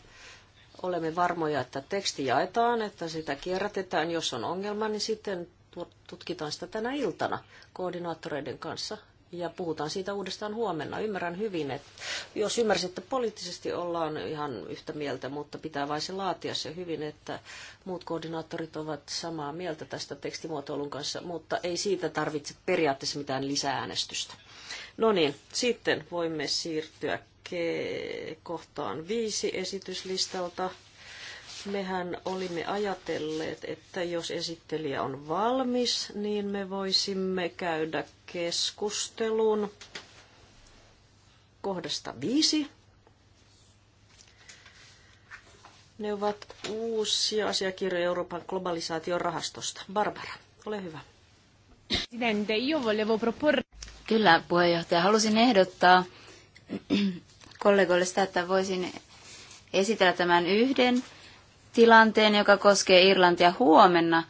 olemme varmoja, että teksti jaetaan, että sitä kierrätetään. Jos on ongelma, niin sitten tutkitaan sitä tänä iltana koordinaattoreiden kanssa ja puhutaan siitä uudestaan huomenna. Ymmärrän hyvin, että jos että poliittisesti ollaan ihan yhtä mieltä, mutta pitää vain se laatia se hyvin, että muut koordinaattorit ovat samaa mieltä tästä tekstimuotoilun kanssa, mutta ei siitä tarvitse periaatteessa mitään lisääänestystä. No niin, sitten voimme siirtyä kohtaan viisi esityslistalta. Mehän olimme ajatelleet, että jos esittelijä on valmis, niin me voisimme käydä keskustelun kohdasta viisi. Ne ovat uusia asiakirjoja Euroopan globalisaation rahastosta. Barbara, ole hyvä. Presidente, io volevo Kyllä, puheenjohtaja. Halusin ehdottaa kollegoille sitä, että voisin esitellä tämän yhden tilanteen, joka koskee Irlantia huomenna,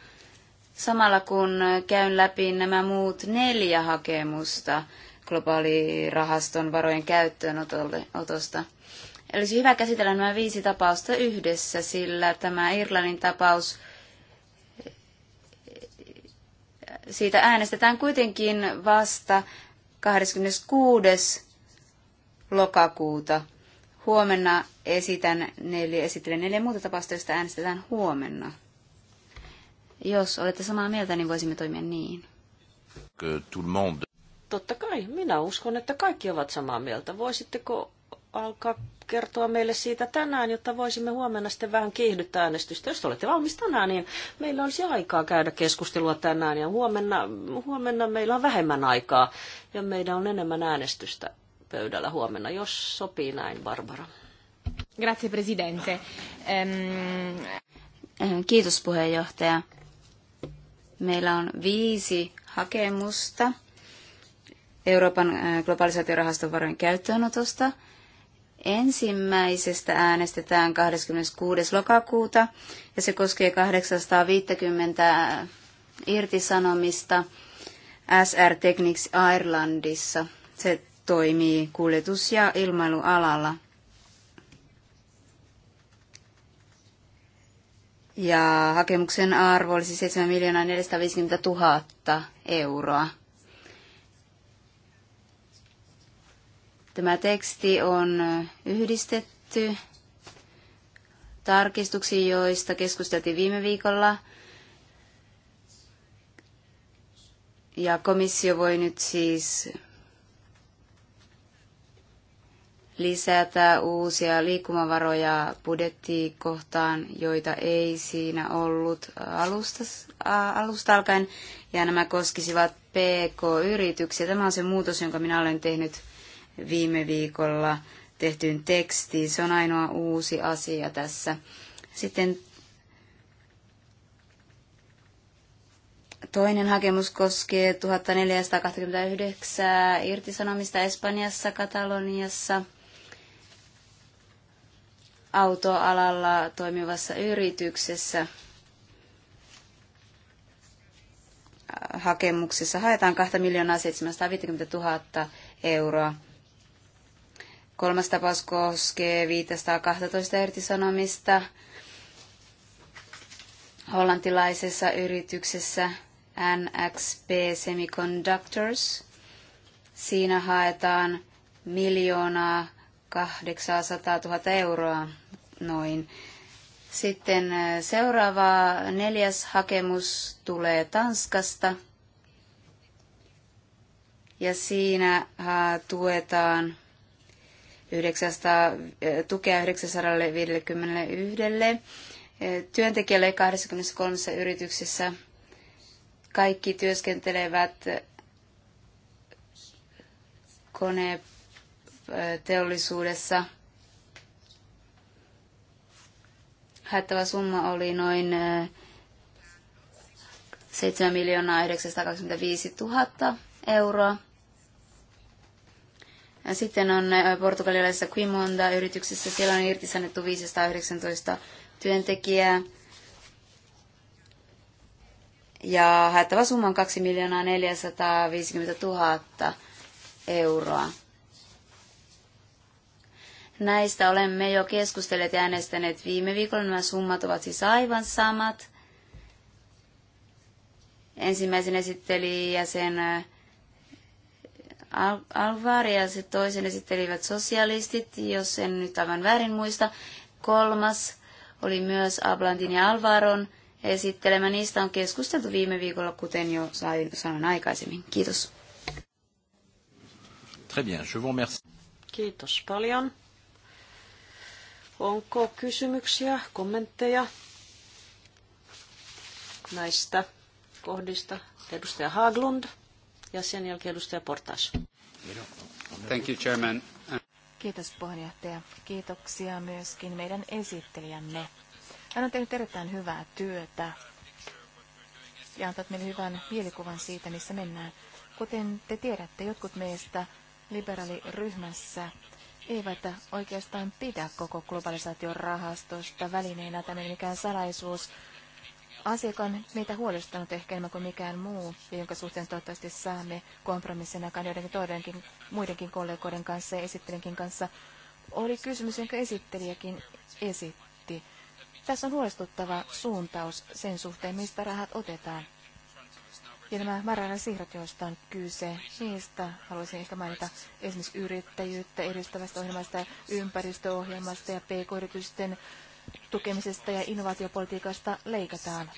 samalla kun käyn läpi nämä muut neljä hakemusta globaalirahaston varojen käyttöönotosta. Olisi hyvä käsitellä nämä viisi tapausta yhdessä, sillä tämä Irlannin tapaus, siitä äänestetään kuitenkin vasta 26. lokakuuta – Huomenna esitän neljä, esittelen neljä muuta tapausta, joista äänestetään huomenna. Jos olette samaa mieltä, niin voisimme toimia niin. Totta kai, minä uskon, että kaikki ovat samaa mieltä. Voisitteko alkaa kertoa meille siitä tänään, jotta voisimme huomenna sitten vähän kiihdyttää äänestystä. Jos olette valmis tänään, niin meillä olisi aikaa käydä keskustelua tänään ja huomenna, huomenna meillä on vähemmän aikaa ja meillä on enemmän äänestystä pöydällä huomenna, jos sopii näin, Barbara. Grazie, presidente. Ehm, ehm, kiitos, puheenjohtaja. Meillä on viisi hakemusta Euroopan äh, globalisaatiorahaston varojen käyttöönotosta. Ensimmäisestä äänestetään 26. lokakuuta ja se koskee 850 irtisanomista SR Technics Irelandissa. Se toimii kuljetus- ja ilmailualalla. Ja hakemuksen arvo olisi 7 miljoonaa 450 000 euroa. Tämä teksti on yhdistetty tarkistuksiin, joista keskusteltiin viime viikolla. Ja komissio voi nyt siis lisätä uusia liikkumavaroja budjettikohtaan, joita ei siinä ollut alusta, alusta alkaen, ja nämä koskisivat PK-yrityksiä. Tämä on se muutos, jonka minä olen tehnyt viime viikolla tehtyyn tekstiin. Se on ainoa uusi asia tässä. Sitten Toinen hakemus koskee 1429 irtisanomista Espanjassa, Kataloniassa autoalalla toimivassa yrityksessä hakemuksessa haetaan 2 750 000 euroa. Kolmas tapaus koskee 512 irtisanomista hollantilaisessa yrityksessä NXP Semiconductors. Siinä haetaan miljoonaa 800 000 euroa noin. Sitten äh, seuraava neljäs hakemus tulee Tanskasta. Ja siinä äh, tuetaan 900, äh, tukea 951 työntekijälle 23 yrityksessä. Kaikki työskentelevät koneteollisuudessa – haettava summa oli noin 7 äh, miljoonaa 925 000 euroa. Ja sitten on äh, portugalilaisessa Quimonda-yrityksessä, siellä on irtisannettu 519 työntekijää. Ja haettava summa on 2 miljoonaa 450 000 euroa. Näistä olemme jo keskustelleet ja äänestäneet viime viikolla. Nämä summat ovat siis aivan samat. Ensimmäisen esitteli jäsen Al- Alvar ja se toisen esittelivät sosialistit, jos en nyt aivan väärin muista. Kolmas oli myös Ablantin ja Alvaron esittelemä. Niistä on keskusteltu viime viikolla, kuten jo sain, sanoin aikaisemmin. Kiitos. Très bien, je vous remercie. Kiitos paljon. Onko kysymyksiä, kommentteja näistä kohdista? Edustaja Haglund ja sen jälkeen edustaja Portas. Thank you, Chairman. Kiitos puheenjohtaja. Kiitoksia myöskin meidän esittelijämme. Hän on tehnyt erittäin hyvää työtä ja antaa meille hyvän mielikuvan siitä, missä mennään. Kuten te tiedätte, jotkut meistä liberaaliryhmässä eivät oikeastaan pidä koko globalisaation rahastosta välineenä. tänne mikään salaisuus. Asiakon on meitä huolestunut ehkä enemmän kuin mikään muu, jonka suhteen toivottavasti saamme kompromissin aikaan joidenkin toidenkin, muidenkin kollegoiden kanssa ja esittelinkin kanssa. Oli kysymys, jonka esittelijäkin esitti. Tässä on huolestuttava suuntaus sen suhteen, mistä rahat otetaan. Ja nämä määrärahan siirrot, joista on kyse, niistä haluaisin ehkä mainita esimerkiksi yrittäjyyttä edistävästä ohjelmasta, ympäristöohjelmasta ja pk-yritysten tukemisesta ja innovaatiopolitiikasta leikataan.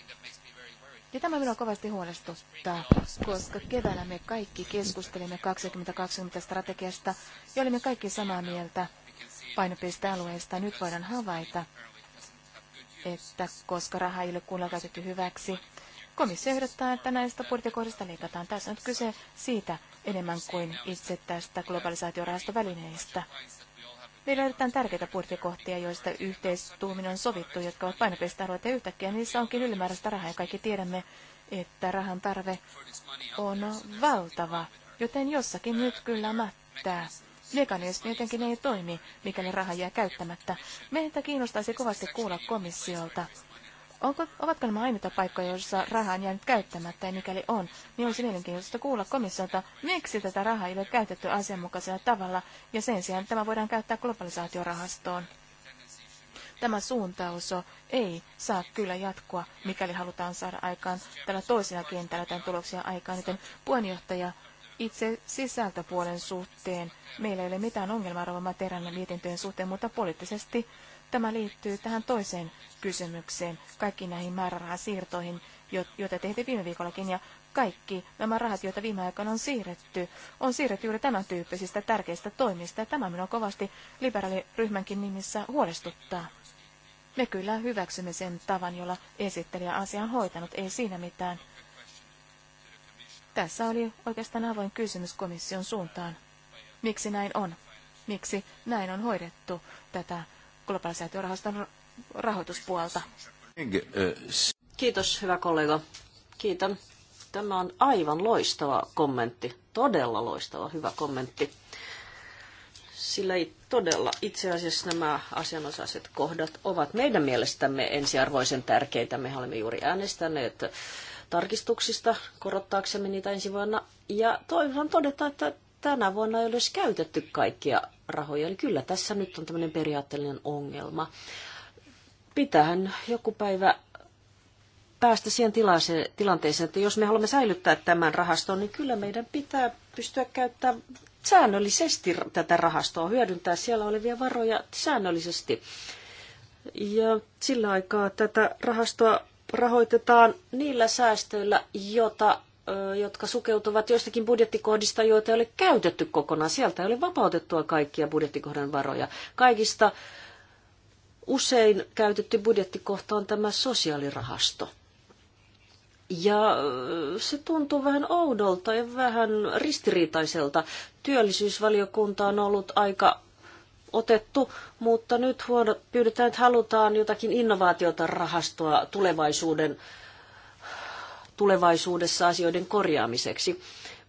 Ja tämä minua kovasti huolestuttaa, koska keväällä me kaikki keskustelimme 2020 strategiasta ja olimme kaikki samaa mieltä painopistealueista. Nyt voidaan havaita, että koska raha ei ole kunnolla käytetty hyväksi, Komissio ehdottaa, että näistä budjettikohdista leikataan. Tässä on kyse siitä enemmän kuin itse tästä globalisaatiorahastovälineistä. Meillä on erittäin tärkeitä budjettikohtia, joista yhteistuumin on sovittu, jotka ovat painopistealueet ja yhtäkkiä niissä onkin ylimääräistä rahaa. Ja kaikki tiedämme, että rahan tarve on valtava, joten jossakin nyt kyllä mättää. Mekanismi jotenkin ei toimi, mikäli raha jää käyttämättä. Meitä kiinnostaisi kovasti kuulla komissiolta, Onko, ovatko nämä ainoita paikkoja, joissa rahaa on jäänyt käyttämättä, ja mikäli on, niin olisi mielenkiintoista kuulla komissiolta, miksi tätä rahaa ei ole käytetty asianmukaisella tavalla, ja sen sijaan tämä voidaan käyttää globalisaatiorahastoon. Tämä suuntaus ei saa kyllä jatkua, mikäli halutaan saada aikaan tällä toisella kentällä tämän tuloksia aikaan, joten puheenjohtaja itse sisältöpuolen suhteen. Meillä ei ole mitään ongelmaa Rova Materan mietintöjen suhteen, mutta poliittisesti Tämä liittyy tähän toiseen kysymykseen, kaikki näihin määrärahasiirtoihin, joita tehtiin viime viikollakin, ja kaikki nämä rahat, joita viime aikoina on siirretty, on siirretty juuri tämän tyyppisistä tärkeistä toimista, ja tämä minua kovasti liberaaliryhmänkin nimissä huolestuttaa. Me kyllä hyväksymme sen tavan, jolla esittelijä asia on hoitanut, ei siinä mitään. Tässä oli oikeastaan avoin kysymys komission suuntaan. Miksi näin on? Miksi näin on hoidettu tätä globalisaatiorahaston rahoituspuolta. Kiitos, hyvä kollega. Kiitän. Tämä on aivan loistava kommentti. Todella loistava, hyvä kommentti. Sillä ei todella itse asiassa nämä asianosaiset kohdat ovat meidän mielestämme ensiarvoisen tärkeitä. Me olemme juuri äänestäneet tarkistuksista korottaaksemme niitä ensi vuonna. Ja toivon todeta, että tänä vuonna ei olisi käytetty kaikkia rahoja. Eli kyllä tässä nyt on tämmöinen periaatteellinen ongelma. Pitähän joku päivä päästä siihen tilanteeseen, että jos me haluamme säilyttää tämän rahaston, niin kyllä meidän pitää pystyä käyttämään säännöllisesti tätä rahastoa, hyödyntää siellä olevia varoja säännöllisesti. Ja sillä aikaa tätä rahastoa rahoitetaan niillä säästöillä, jota jotka sukeutuvat joistakin budjettikohdista, joita ei ole käytetty kokonaan. Sieltä ei ole vapautettua kaikkia budjettikohdan varoja. Kaikista usein käytetty budjettikohta on tämä sosiaalirahasto. Ja se tuntuu vähän oudolta ja vähän ristiriitaiselta. Työllisyysvaliokunta on ollut aika otettu, mutta nyt huono, pyydetään, että halutaan jotakin innovaatiota rahastoa tulevaisuuden tulevaisuudessa asioiden korjaamiseksi.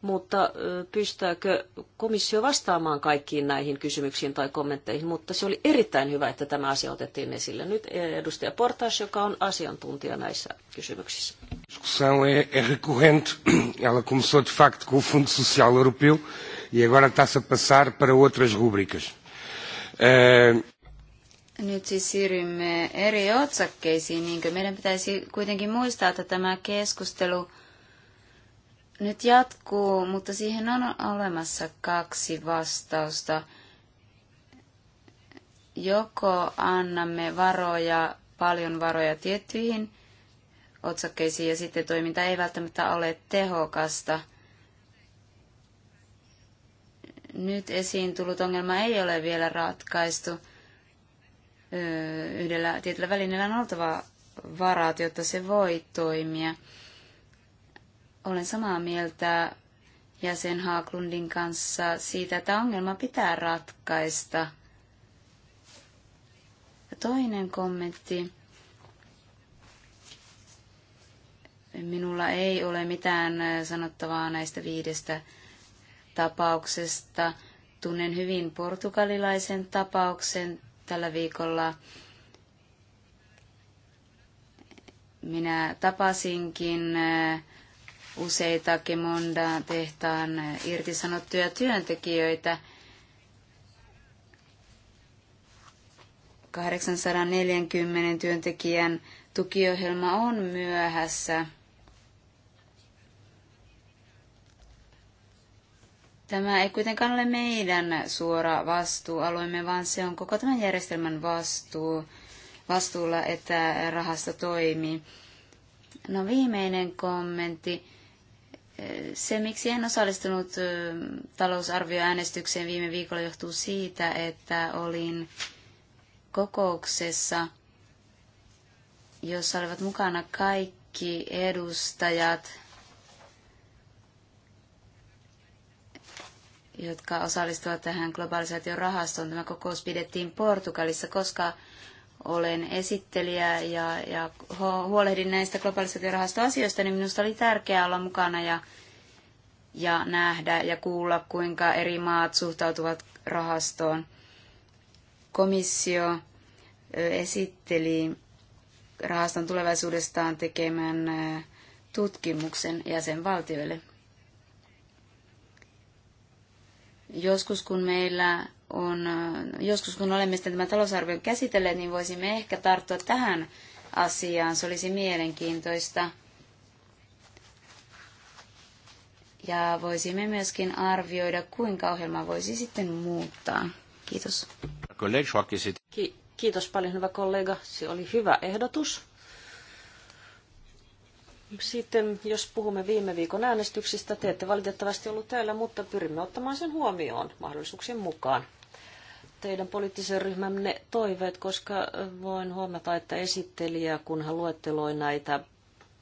Mutta pystääkö komissio vastaamaan kaikkiin näihin kysymyksiin tai kommentteihin? Mutta se oli erittäin hyvä, että tämä asia otettiin esille. Nyt edustaja Portas, joka on asiantuntija näissä kysymyksissä. Discussão é, é recorrente. Ela começou de facto com o Fundo Social Europeu e agora está-se a passar para outras rubricas. Eh, nyt siis siirrymme eri otsakkeisiin, niin meidän pitäisi kuitenkin muistaa, että tämä keskustelu nyt jatkuu, mutta siihen on olemassa kaksi vastausta. Joko annamme varoja, paljon varoja tiettyihin otsakkeisiin ja sitten toiminta ei välttämättä ole tehokasta. Nyt esiin tullut ongelma ei ole vielä ratkaistu yhdellä tietyllä välineellä on oltava varat, jotta se voi toimia. Olen samaa mieltä jäsen Haaklundin kanssa siitä, että ongelma pitää ratkaista. Toinen kommentti. Minulla ei ole mitään sanottavaa näistä viidestä tapauksesta. Tunnen hyvin portugalilaisen tapauksen tällä viikolla. Minä tapasinkin eh, useita Kemonda tehtaan irtisanottuja työntekijöitä. 840 työntekijän tukiohjelma on myöhässä. Tämä ei kuitenkaan ole meidän suora vastuualueemme, vaan se on koko tämän järjestelmän vastuu, vastuulla, että rahasto toimii. No viimeinen kommentti. Se, miksi en osallistunut talousarvioäänestykseen viime viikolla, johtuu siitä, että olin kokouksessa, jossa olivat mukana kaikki edustajat jotka osallistuvat tähän globalisaation rahastoon. Tämä kokous pidettiin Portugalissa, koska olen esittelijä ja, ja huolehdin näistä rahastoasioista, niin minusta oli tärkeää olla mukana ja, ja nähdä ja kuulla, kuinka eri maat suhtautuvat rahastoon. Komissio esitteli rahaston tulevaisuudestaan tekemän tutkimuksen jäsenvaltioille. Joskus kun meillä on, joskus kun olemme sitten tämän talousarvion käsitelleet, niin voisimme ehkä tarttua tähän asiaan. Se olisi mielenkiintoista. Ja voisimme myöskin arvioida, kuinka ohjelma voisi sitten muuttaa. Kiitos. Ki- kiitos paljon, hyvä kollega. Se oli hyvä ehdotus. Sitten jos puhumme viime viikon äänestyksistä, te ette valitettavasti ollut täällä, mutta pyrimme ottamaan sen huomioon mahdollisuuksien mukaan. Teidän poliittisen ryhmänne toiveet, koska voin huomata, että esittelijä, kun hän luetteloi näitä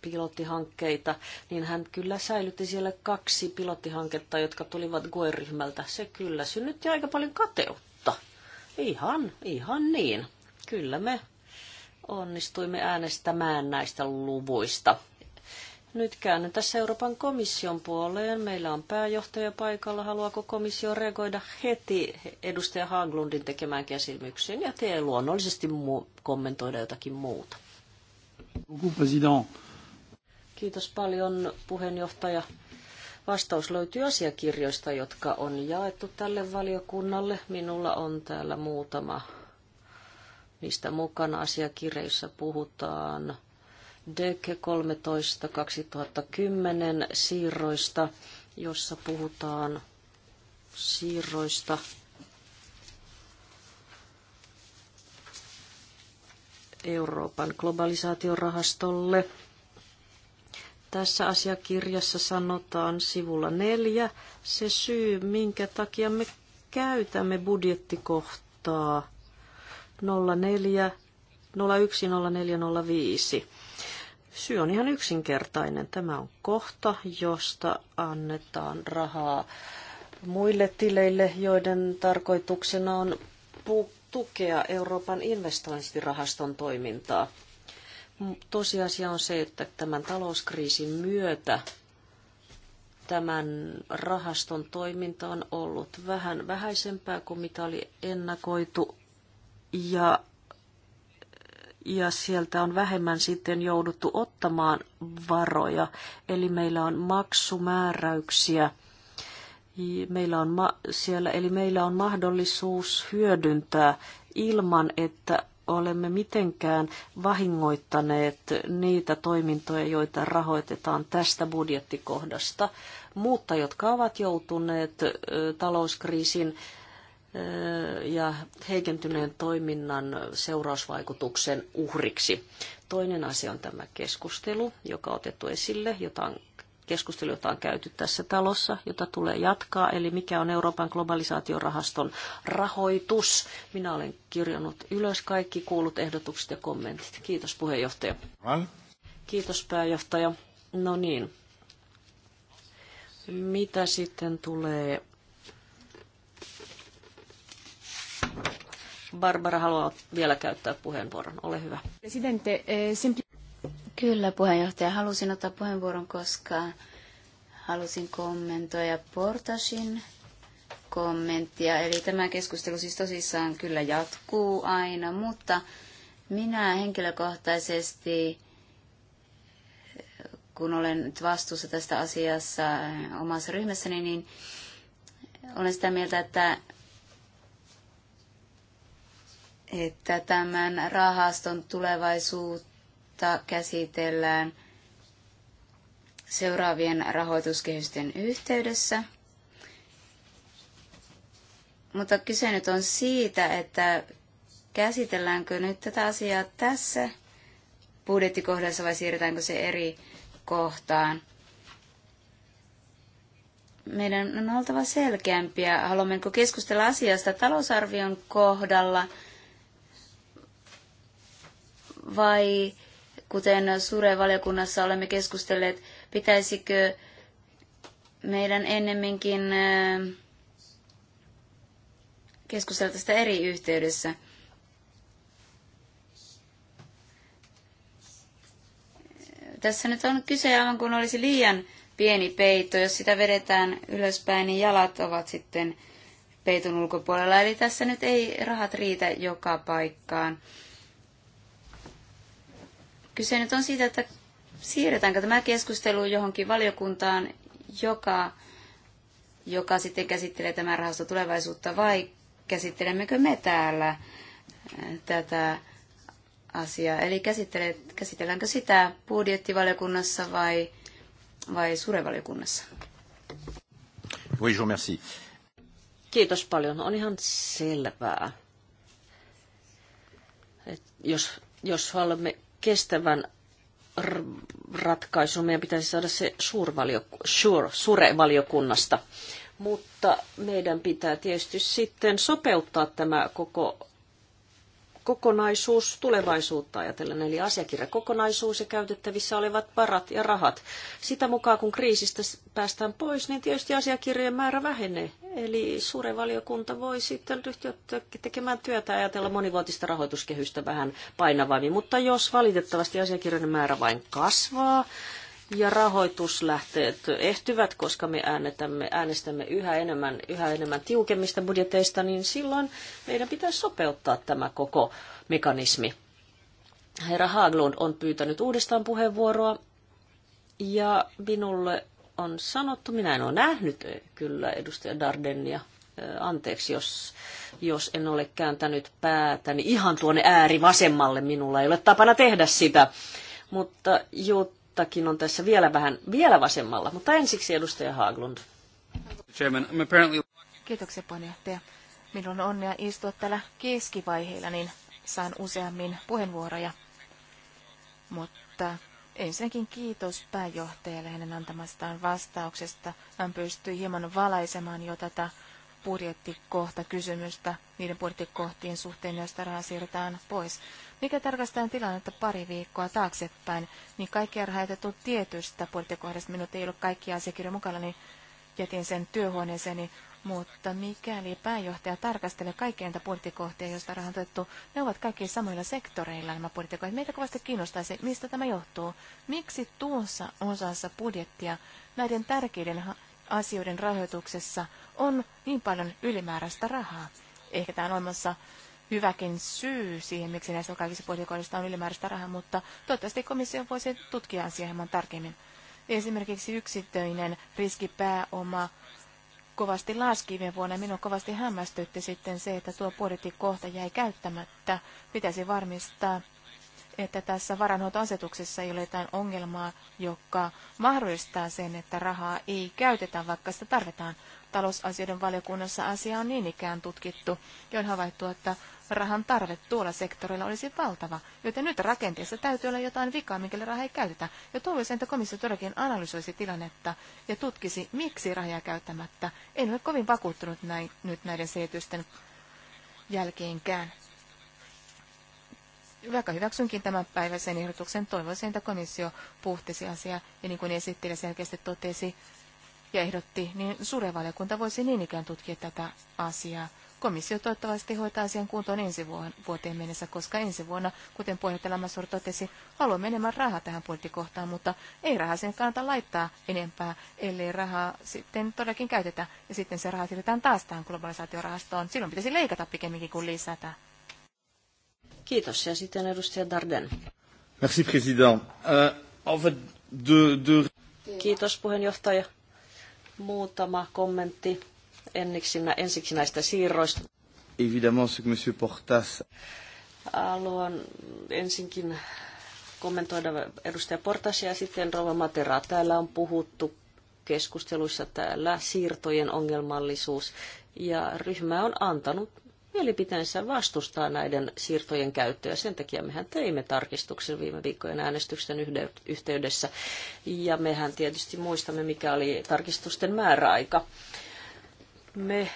pilottihankkeita, niin hän kyllä säilytti siellä kaksi pilottihanketta, jotka tulivat GUE-ryhmältä. Se kyllä synnytti aika paljon kateutta. Ihan, ihan niin. Kyllä me onnistuimme äänestämään näistä luvuista. Nyt käännyn tässä Euroopan komission puoleen. Meillä on pääjohtaja paikalla. Haluaako komissio reagoida heti edustaja Haglundin tekemään käsimykseen ja te luonnollisesti kommentoida jotakin muuta? Kiitos paljon puheenjohtaja. Vastaus löytyy asiakirjoista, jotka on jaettu tälle valiokunnalle. Minulla on täällä muutama mistä mukana asiakirjoissa puhutaan DEC 13 2010 siirroista, jossa puhutaan siirroista Euroopan globalisaatiorahastolle. Tässä asiakirjassa sanotaan sivulla neljä se syy, minkä takia me käytämme budjettikohtaa 04 010405. Syy on ihan yksinkertainen. Tämä on kohta, josta annetaan rahaa muille tileille, joiden tarkoituksena on tukea Euroopan investointirahaston toimintaa. Tosiasia on se, että tämän talouskriisin myötä tämän rahaston toiminta on ollut vähän vähäisempää kuin mitä oli ennakoitu. Ja ja sieltä on vähemmän sitten jouduttu ottamaan varoja. Eli meillä on maksumääräyksiä. Meillä on ma- siellä, eli meillä on mahdollisuus hyödyntää ilman, että olemme mitenkään vahingoittaneet niitä toimintoja, joita rahoitetaan tästä budjettikohdasta, mutta jotka ovat joutuneet talouskriisin ja heikentyneen toiminnan seurausvaikutuksen uhriksi. Toinen asia on tämä keskustelu, joka on otettu esille, jota on keskustelu, jota on käyty tässä talossa, jota tulee jatkaa, eli mikä on Euroopan globalisaatiorahaston rahoitus. Minä olen kirjannut ylös kaikki kuulut ehdotukset ja kommentit. Kiitos puheenjohtaja. Kiitos pääjohtaja. No niin. Mitä sitten tulee Barbara haluaa vielä käyttää puheenvuoron. Ole hyvä. Eh, kyllä puheenjohtaja, halusin ottaa puheenvuoron, koska halusin kommentoida Portasin kommenttia. Eli tämä keskustelu siis tosissaan kyllä jatkuu aina, mutta minä henkilökohtaisesti, kun olen nyt vastuussa tästä asiassa omassa ryhmässäni, niin olen sitä mieltä, että että tämän rahaston tulevaisuutta käsitellään seuraavien rahoituskehysten yhteydessä. Mutta kyse nyt on siitä, että käsitelläänkö nyt tätä asiaa tässä budjettikohdassa vai siirretäänkö se eri kohtaan. Meidän on oltava selkeämpiä, haluammeko keskustella asiasta talousarvion kohdalla – vai kuten Sure-valiokunnassa olemme keskustelleet, pitäisikö meidän ennemminkin äh, keskustella tästä eri yhteydessä. Tässä nyt on kyse aivan kun olisi liian pieni peitto. Jos sitä vedetään ylöspäin, niin jalat ovat sitten peiton ulkopuolella. Eli tässä nyt ei rahat riitä joka paikkaan. Kyse nyt on siitä, että siirretäänkö tämä keskustelu johonkin valiokuntaan, joka, joka sitten käsittelee tämän rahaston tulevaisuutta, vai käsittelemmekö me täällä tätä asiaa? Eli käsitelläänkö sitä budjettivaliokunnassa vai, vai suurevaliokunnassa? Oui, je vous Kiitos paljon. On ihan selvää, että jos, jos haluamme kestävän ratkaisun. Meidän pitäisi saada se sure, sure-valiokunnasta. Mutta meidän pitää tietysti sitten sopeuttaa tämä koko kokonaisuus tulevaisuutta ajatellen, eli asiakirjakokonaisuus ja käytettävissä olevat varat ja rahat. Sitä mukaan, kun kriisistä päästään pois, niin tietysti asiakirjojen määrä vähenee. Eli suuren valiokunta voi sitten ryhtyä tekemään työtä ja ajatella monivuotista rahoituskehystä vähän painavammin. Mutta jos valitettavasti asiakirjojen määrä vain kasvaa, ja rahoituslähteet ehtyvät, koska me äänestämme, äänestämme yhä, enemmän, yhä enemmän tiukemmista budjeteista, niin silloin meidän pitäisi sopeuttaa tämä koko mekanismi. Herra Haglund on pyytänyt uudestaan puheenvuoroa ja minulle on sanottu, minä en ole nähnyt eh, kyllä edustaja Dardenia, eh, anteeksi jos, jos en ole kääntänyt päätäni niin ihan tuonne ääri vasemmalle, minulla ei ole tapana tehdä sitä, mutta jut Ruttakin on tässä vielä vähän, vielä vasemmalla, mutta ensiksi edustaja Haaglund. Kiitoksia puheenjohtaja. Minulla on onnea istua täällä keskivaiheilla, niin saan useammin puheenvuoroja. Mutta ensinnäkin kiitos pääjohtajalle hänen antamastaan vastauksesta. Hän pystyi hieman valaisemaan jo tätä budjettikohta kysymystä niiden budjettikohtien suhteen, joista rahaa siirretään pois. Mikä tarkastetaan tilannetta pari viikkoa taaksepäin, niin kaikki on rahoitettu tietystä budjettikohdasta. Minut ei ollut kaikki asiakirja mukana, niin jätin sen työhuoneeseeni, mutta mikäli pääjohtaja tarkastelee kaikkia niitä budjettikohtia, joista on rahoitettu, ne ovat kaikki samoilla sektoreilla nämä budjettikohdat. Meitä kovasti kiinnostaisi mistä tämä johtuu. Miksi tuossa osassa budjettia näiden tärkeiden asioiden rahoituksessa on niin paljon ylimääräistä rahaa. Ehkä tämä on olemassa hyväkin syy siihen, miksi näissä kaikissa puolikohdista on ylimääräistä rahaa, mutta toivottavasti komissio voisi tutkia asiaa hieman tarkemmin. Esimerkiksi yksityinen riskipääoma kovasti laski viime vuonna. Minua kovasti hämmästytti sitten se, että tuo budjettikohta jäi käyttämättä. Pitäisi varmistaa, että tässä varanhoitoasetuksessa ei ole jotain ongelmaa, joka mahdollistaa sen, että rahaa ei käytetä, vaikka sitä tarvitaan. Talousasioiden valiokunnassa asia on niin ikään tutkittu ja on havaittu, että rahan tarve tuolla sektorilla olisi valtava, joten nyt rakenteessa täytyy olla jotain vikaa, mikäli rahaa ei käytetä. Ja toivoisin, että komissio todellakin analysoisi tilannetta ja tutkisi, miksi rahaa käyttämättä. En ole kovin vakuuttunut näin, nyt näiden selitysten jälkeenkään vaikka hyväksynkin tämän päiväisen ehdotuksen, toivoisin, että komissio puhtisi asiaa ja niin kuin esittelijä selkeästi totesi ja ehdotti, niin valiokunta voisi niin ikään tutkia tätä asiaa. Komissio toivottavasti hoitaa asian kuntoon ensi vuoteen mennessä, koska ensi vuonna, kuten puheenjohtaja Lamassur totesi, haluamme enemmän rahaa tähän budjettikohtaan, mutta ei rahaa sen kannata laittaa enempää, ellei rahaa sitten todellakin käytetä. Ja sitten se raha siirretään taas tähän globalisaatiorahastoon. Silloin pitäisi leikata pikemminkin kuin lisätä. Kiitos. Ja sitten edustaja Darden. Merci, president. Uh, en fait, de, de... Kiitos, puheenjohtaja. Muutama kommentti ensiksi, ensiksi näistä siirroista. Évidemment, ce que monsieur Portas... Haluan ensinkin kommentoida edustaja Portasia ja sitten Rova Materaa. Täällä on puhuttu keskusteluissa täällä siirtojen ongelmallisuus ja ryhmä on antanut mielipiteensä vastustaa näiden siirtojen käyttöä. Sen takia mehän teimme tarkistuksen viime viikkojen äänestyksen yhteydessä. Ja mehän tietysti muistamme, mikä oli tarkistusten määräaika. Me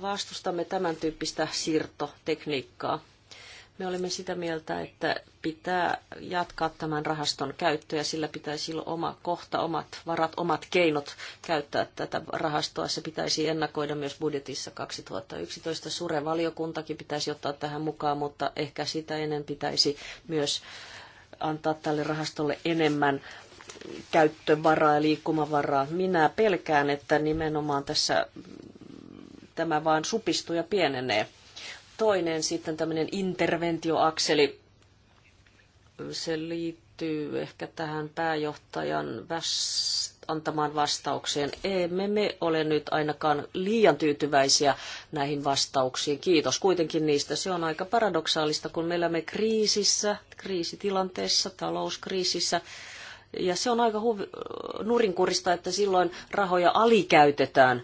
vastustamme tämän tyyppistä siirtotekniikkaa me olemme sitä mieltä, että pitää jatkaa tämän rahaston käyttöä, sillä pitäisi olla oma kohta, omat varat, omat keinot käyttää tätä rahastoa. Se pitäisi ennakoida myös budjetissa 2011. Sure valiokuntakin pitäisi ottaa tähän mukaan, mutta ehkä sitä ennen pitäisi myös antaa tälle rahastolle enemmän käyttövaraa ja liikkumavaraa. Minä pelkään, että nimenomaan tässä tämä vaan supistuu ja pienenee toinen sitten tämmöinen interventioakseli. Se liittyy ehkä tähän pääjohtajan väst- antamaan vastaukseen. Emme me ole nyt ainakaan liian tyytyväisiä näihin vastauksiin. Kiitos kuitenkin niistä. Se on aika paradoksaalista, kun me elämme kriisissä, kriisitilanteessa, talouskriisissä. Ja se on aika huvi- nurinkurista, että silloin rahoja alikäytetään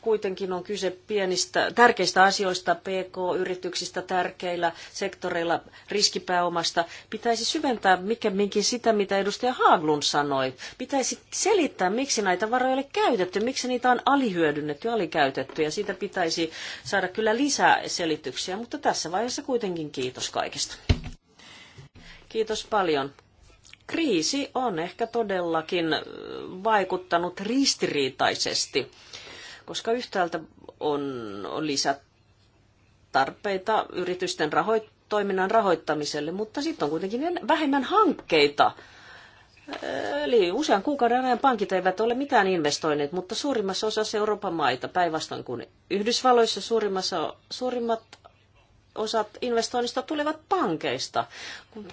kuitenkin on kyse pienistä, tärkeistä asioista, PK-yrityksistä tärkeillä sektoreilla, riskipääomasta. Pitäisi syventää mikemminkin sitä, mitä edustaja Haaglund sanoi. Pitäisi selittää, miksi näitä varoja ei ole käytetty, miksi niitä on alihyödynnetty ja alikäytetty, ja siitä pitäisi saada kyllä lisää selityksiä, mutta tässä vaiheessa kuitenkin kiitos kaikesta. Kiitos paljon kriisi on ehkä todellakin vaikuttanut ristiriitaisesti koska yhtäältä on, on lisätarpeita yritysten rahoit, toiminnan rahoittamiselle, mutta sitten on kuitenkin vähemmän hankkeita. Eli usean kuukauden ajan pankit eivät ole mitään investoineet, mutta suurimmassa osassa Euroopan maita, päinvastoin kuin Yhdysvalloissa suurimmassa, suurimmat osat investoinnista tulevat pankeista,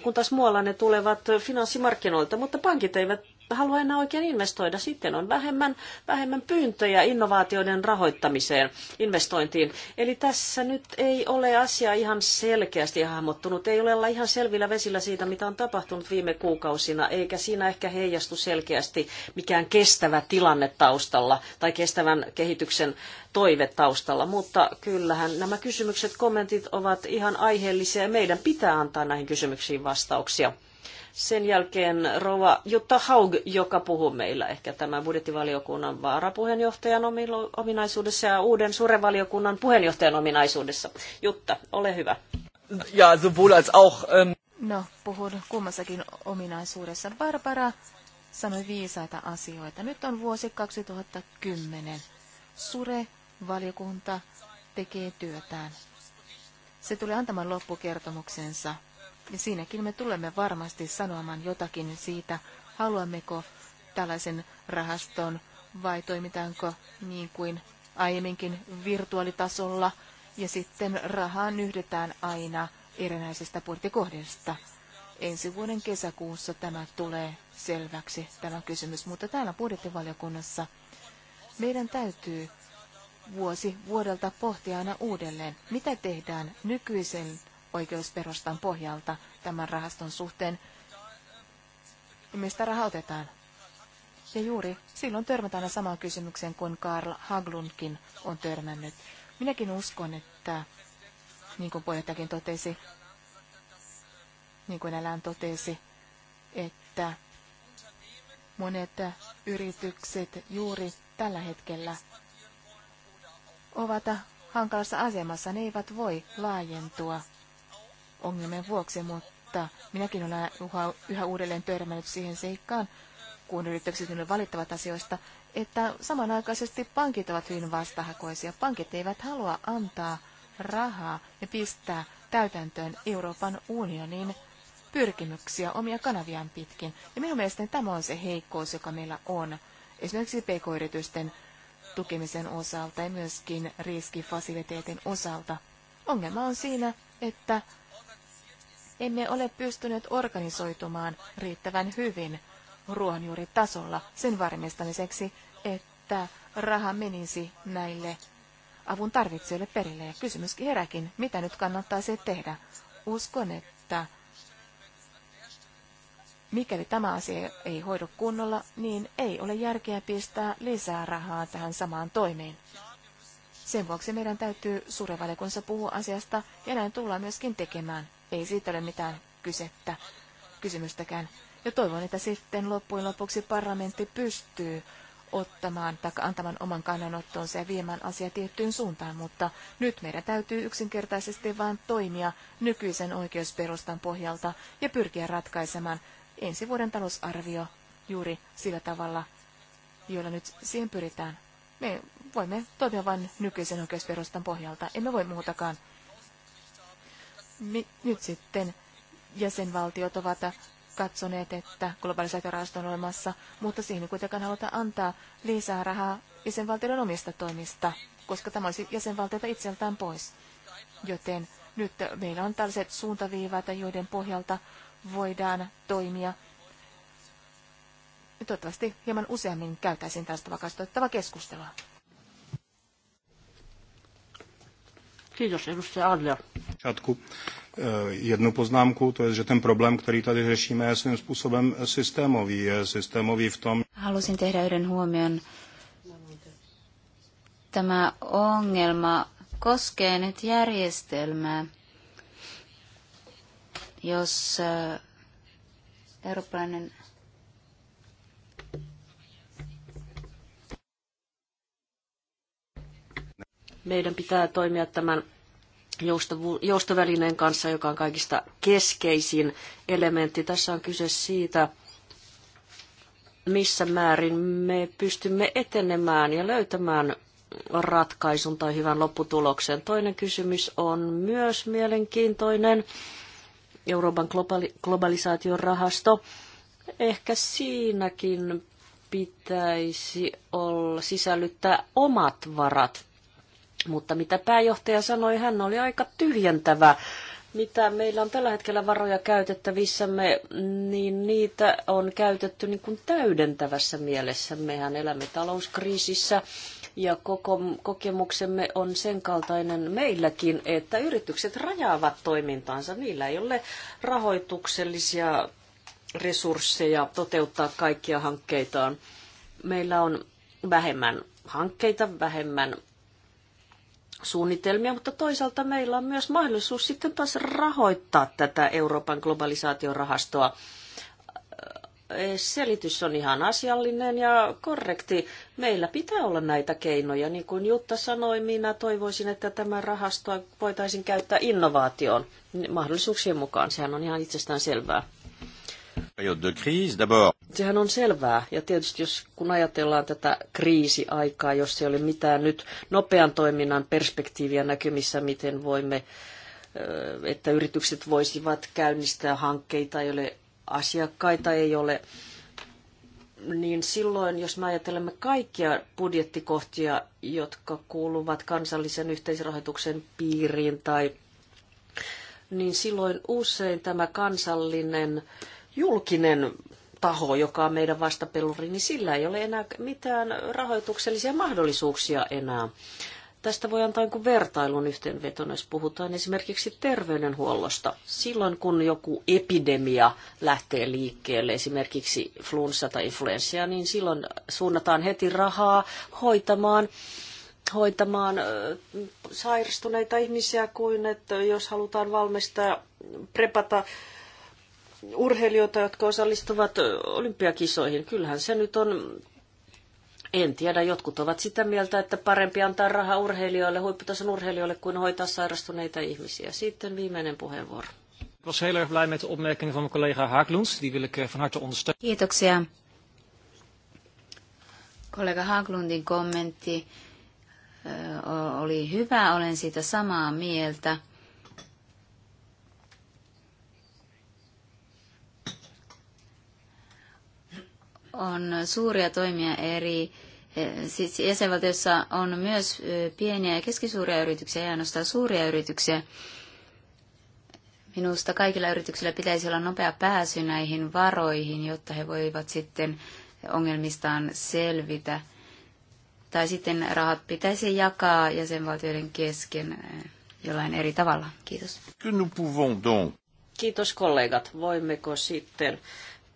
kun taas muualla ne tulevat finanssimarkkinoilta, mutta pankit eivät halua enää oikein investoida. Sitten on vähemmän, vähemmän pyyntöjä innovaatioiden rahoittamiseen, investointiin. Eli tässä nyt ei ole asia ihan selkeästi hahmottunut. Ei ole olla ihan selvillä vesillä siitä, mitä on tapahtunut viime kuukausina, eikä siinä ehkä heijastu selkeästi mikään kestävä tilanne taustalla tai kestävän kehityksen toive taustalla. Mutta kyllähän nämä kysymykset, kommentit ovat ihan aiheellisia ja meidän pitää antaa näihin kysymyksiin vastauksia. Sen jälkeen rouva Jutta Haug, joka puhuu meillä ehkä tämän budjettivaliokunnan vaarapuheenjohtajan ominaisuudessa ja uuden suuren valiokunnan puheenjohtajan ominaisuudessa. Jutta, ole hyvä. Ja, sowohl als auch. Ähm... No, puhun kummassakin ominaisuudessa. Barbara sanoi viisaita asioita. Nyt on vuosi 2010. Sure-valiokunta tekee työtään. Se tulee antamaan loppukertomuksensa ja siinäkin me tulemme varmasti sanomaan jotakin siitä, haluammeko tällaisen rahaston vai toimitaanko niin kuin aiemminkin virtuaalitasolla ja sitten rahaa nyhdetään aina erinäisistä budjettikohdista. Ensi vuoden kesäkuussa tämä tulee selväksi, tämä kysymys, mutta täällä budjettivaliokunnassa meidän täytyy vuosi vuodelta pohtia aina uudelleen, mitä tehdään nykyisen oikeusperustan pohjalta tämän rahaston suhteen, mistä rahoitetaan. Ja juuri silloin törmätään samaan kysymykseen kuin Karl Haglundkin on törmännyt. Minäkin uskon, että niin kuin puheenjohtajakin totesi, niin kuin Elän totesi, että monet yritykset juuri tällä hetkellä ovat hankalassa asemassa, ne eivät voi laajentua ongelmien vuoksi, mutta minäkin olen yhä uudelleen törmännyt siihen seikkaan, kun yritykset minulle valittavat asioista, että samanaikaisesti pankit ovat hyvin vastahakoisia. Pankit eivät halua antaa rahaa ja pistää täytäntöön Euroopan unionin pyrkimyksiä omia kanaviaan pitkin. Ja minun mielestäni tämä on se heikkous, joka meillä on. Esimerkiksi pk-yritysten tukemisen osalta ja myöskin riskifasiliteetin osalta. Ongelma on siinä, että emme ole pystyneet organisoitumaan riittävän hyvin ruohonjuuritasolla sen varmistamiseksi, että raha menisi näille avun tarvitsijoille perille. Ja kysymyskin heräkin, mitä nyt kannattaa se tehdä. Uskon, että mikäli tämä asia ei hoidu kunnolla, niin ei ole järkeä pistää lisää rahaa tähän samaan toimeen. Sen vuoksi meidän täytyy suurevalikunsa puhua asiasta ja näin tullaan myöskin tekemään. Ei siitä ole mitään kysettä, kysymystäkään. Ja toivon, että sitten loppujen lopuksi parlamentti pystyy ottamaan tai antamaan oman kannanottonsa ja viemään asia tiettyyn suuntaan, mutta nyt meidän täytyy yksinkertaisesti vain toimia nykyisen oikeusperustan pohjalta ja pyrkiä ratkaisemaan ensi vuoden talousarvio juuri sillä tavalla, jolla nyt siihen pyritään. Me voimme toimia vain nykyisen oikeusperustan pohjalta, emme voi muutakaan nyt sitten jäsenvaltiot ovat katsoneet, että globalisaatiorahasto on olemassa, mutta siihen ei kuitenkaan haluta antaa lisää rahaa jäsenvaltioiden omista toimista, koska tämä olisi jäsenvaltiota itseltään pois. Joten nyt meillä on tällaiset suuntaviivat, joiden pohjalta voidaan toimia. Toivottavasti hieman useammin käytäisiin tästä vakastoittavaa keskustelua. Kiitos, edustaja Adler začátku eh, jednu poznámku, to je, že ten problém, který tady řešíme, je svým způsobem systémový. Je systémový v tom... Halusin tehdä yhden huomion. Tämä ongelma koskee nyt järjestelmää. Jos eurooppalainen meidän pitää toimia tämän joustovälineen kanssa, joka on kaikista keskeisin elementti. Tässä on kyse siitä, missä määrin me pystymme etenemään ja löytämään ratkaisun tai hyvän lopputuloksen. Toinen kysymys on myös mielenkiintoinen. Euroopan globalisaation rahasto. Ehkä siinäkin pitäisi olla, sisällyttää omat varat. Mutta mitä pääjohtaja sanoi, hän oli aika tyhjentävä. Mitä meillä on tällä hetkellä varoja käytettävissämme, niin niitä on käytetty niin kuin täydentävässä mielessä. Mehän elämme talouskriisissä ja koko kokemuksemme on sen kaltainen meilläkin, että yritykset rajaavat toimintaansa. Niillä ei ole rahoituksellisia resursseja toteuttaa kaikkia hankkeitaan. Meillä on vähemmän hankkeita, vähemmän suunnitelmia, mutta toisaalta meillä on myös mahdollisuus sitten taas rahoittaa tätä Euroopan globalisaatiorahastoa. Selitys on ihan asiallinen ja korrekti. Meillä pitää olla näitä keinoja. Niin kuin Jutta sanoi, minä toivoisin, että tämä rahasto voitaisiin käyttää innovaatioon mahdollisuuksien mukaan. Sehän on ihan itsestään selvää. Sehän on selvää. Ja tietysti jos, kun ajatellaan tätä kriisiaikaa, jos ei ole mitään nyt nopean toiminnan perspektiiviä näkymissä, miten voimme, että yritykset voisivat käynnistää hankkeita, ei ole asiakkaita, ei ole niin silloin, jos me ajattelemme kaikkia budjettikohtia, jotka kuuluvat kansallisen yhteisrahoituksen piiriin, tai, niin silloin usein tämä kansallinen julkinen taho, joka on meidän vastapeluri, niin sillä ei ole enää mitään rahoituksellisia mahdollisuuksia enää. Tästä voi antaa jonkun vertailun yhteenvetona, jos puhutaan esimerkiksi terveydenhuollosta. Silloin kun joku epidemia lähtee liikkeelle, esimerkiksi flunssa tai influenssia, niin silloin suunnataan heti rahaa hoitamaan hoitamaan sairastuneita ihmisiä kuin, että jos halutaan valmistaa, prepata urheilijoita, jotka osallistuvat olympiakisoihin. Kyllähän se nyt on, en tiedä, jotkut ovat sitä mieltä, että parempi antaa raha urheilijoille, huipputason urheilijoille, kuin hoitaa sairastuneita ihmisiä. Sitten viimeinen puheenvuoro. Ik was heel erg blij met de opmerking van mijn collega Die wil ik eh, van harte ondersteunen. Kiitoksia. Kollega Haaklundin kommentti eh, oli hyvä, olen siitä samaa mieltä. on suuria toimia eri eh, Siis jäsenvaltiossa on myös eh, pieniä ja keskisuuria yrityksiä ja ainoastaan suuria yrityksiä. Minusta kaikilla yrityksillä pitäisi olla nopea pääsy näihin varoihin, jotta he voivat sitten ongelmistaan selvitä. Tai sitten rahat pitäisi jakaa jäsenvaltioiden kesken eh, jollain eri tavalla. Kiitos. Kiitos kollegat. Voimmeko sitten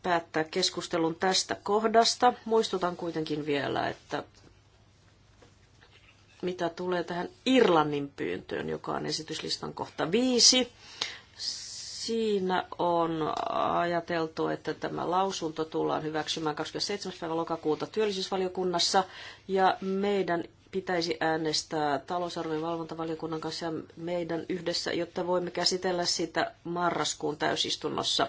päättää keskustelun tästä kohdasta. Muistutan kuitenkin vielä, että mitä tulee tähän Irlannin pyyntöön, joka on esityslistan kohta viisi. Siinä on ajateltu, että tämä lausunto tullaan hyväksymään 27. päivä lokakuuta työllisyysvaliokunnassa ja meidän pitäisi äänestää talousarvojen valvontavaliokunnan kanssa ja meidän yhdessä, jotta voimme käsitellä sitä marraskuun täysistunnossa.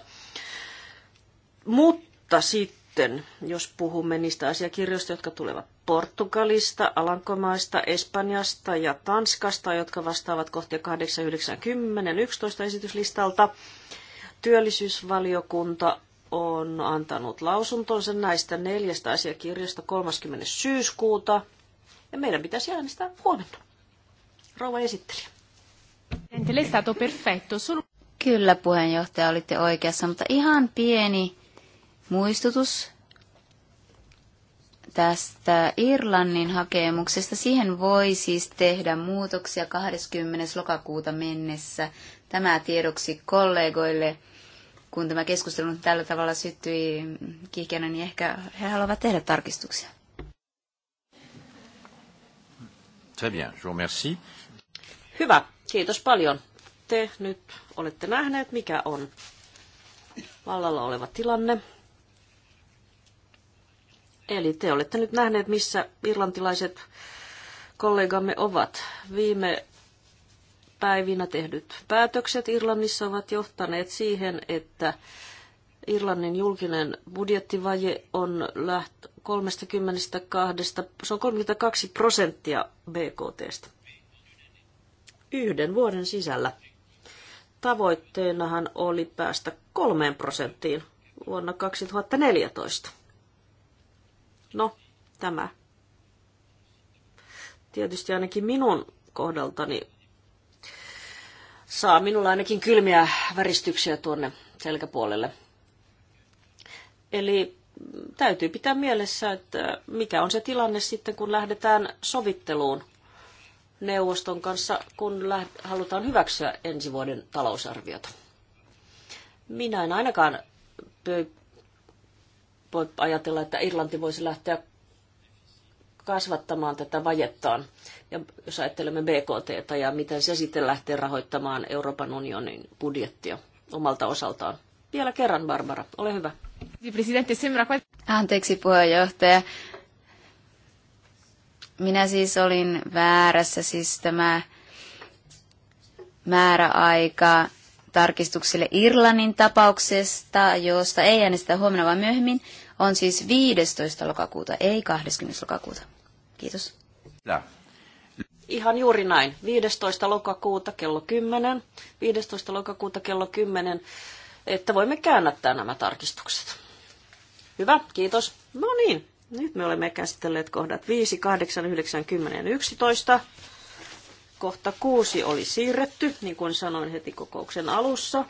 Mutta sitten, jos puhumme niistä asiakirjoista, jotka tulevat Portugalista, Alankomaista, Espanjasta ja Tanskasta, jotka vastaavat kohtia 8, 9, 10, 11 esityslistalta, työllisyysvaliokunta on antanut lausuntonsa näistä neljästä asiakirjasta 30. syyskuuta. Ja meidän pitäisi äänestää huomenna. Rouva esittelijä. Kyllä puheenjohtaja, olitte oikeassa, mutta ihan pieni muistutus tästä Irlannin hakemuksesta. Siihen voi siis tehdä muutoksia 20. lokakuuta mennessä. Tämä tiedoksi kollegoille. Kun tämä keskustelu tällä tavalla syttyi kiihkeänä, niin ehkä he haluavat tehdä tarkistuksia. Très bien, je vous remercie. Hyvä, kiitos paljon. Te nyt olette nähneet, mikä on vallalla oleva tilanne. Eli te olette nyt nähneet, missä irlantilaiset kollegamme ovat. Viime päivinä tehdyt päätökset Irlannissa ovat johtaneet siihen, että Irlannin julkinen budjettivaje on läht 32, se on 32 prosenttia BKTstä. Yhden vuoden sisällä. Tavoitteenahan oli päästä kolmeen prosenttiin vuonna 2014. No, tämä. Tietysti ainakin minun kohdaltani saa minulla ainakin kylmiä väristyksiä tuonne selkäpuolelle. Eli täytyy pitää mielessä, että mikä on se tilanne sitten, kun lähdetään sovitteluun neuvoston kanssa, kun halutaan hyväksyä ensi vuoden talousarviota. Minä en ainakaan voi ajatella, että Irlanti voisi lähteä kasvattamaan tätä vajettaan. Ja jos ajattelemme BKT ja miten se sitten lähtee rahoittamaan Euroopan unionin budjettia omalta osaltaan. Vielä kerran, Barbara, ole hyvä. Anteeksi puheenjohtaja. Minä siis olin väärässä, siis tämä määräaika tarkistuksille Irlannin tapauksesta, josta ei äänestä huomenna vaan myöhemmin on siis 15. lokakuuta, ei 20. lokakuuta. Kiitos. Ja. Ihan juuri näin. 15. lokakuuta kello 10. 15. lokakuuta kello 10, että voimme käännättää nämä tarkistukset. Hyvä, kiitos. No niin, nyt me olemme käsitelleet kohdat 5, 8, 9, 10 ja 11. Kohta 6 oli siirretty, niin kuin sanoin heti kokouksen alussa.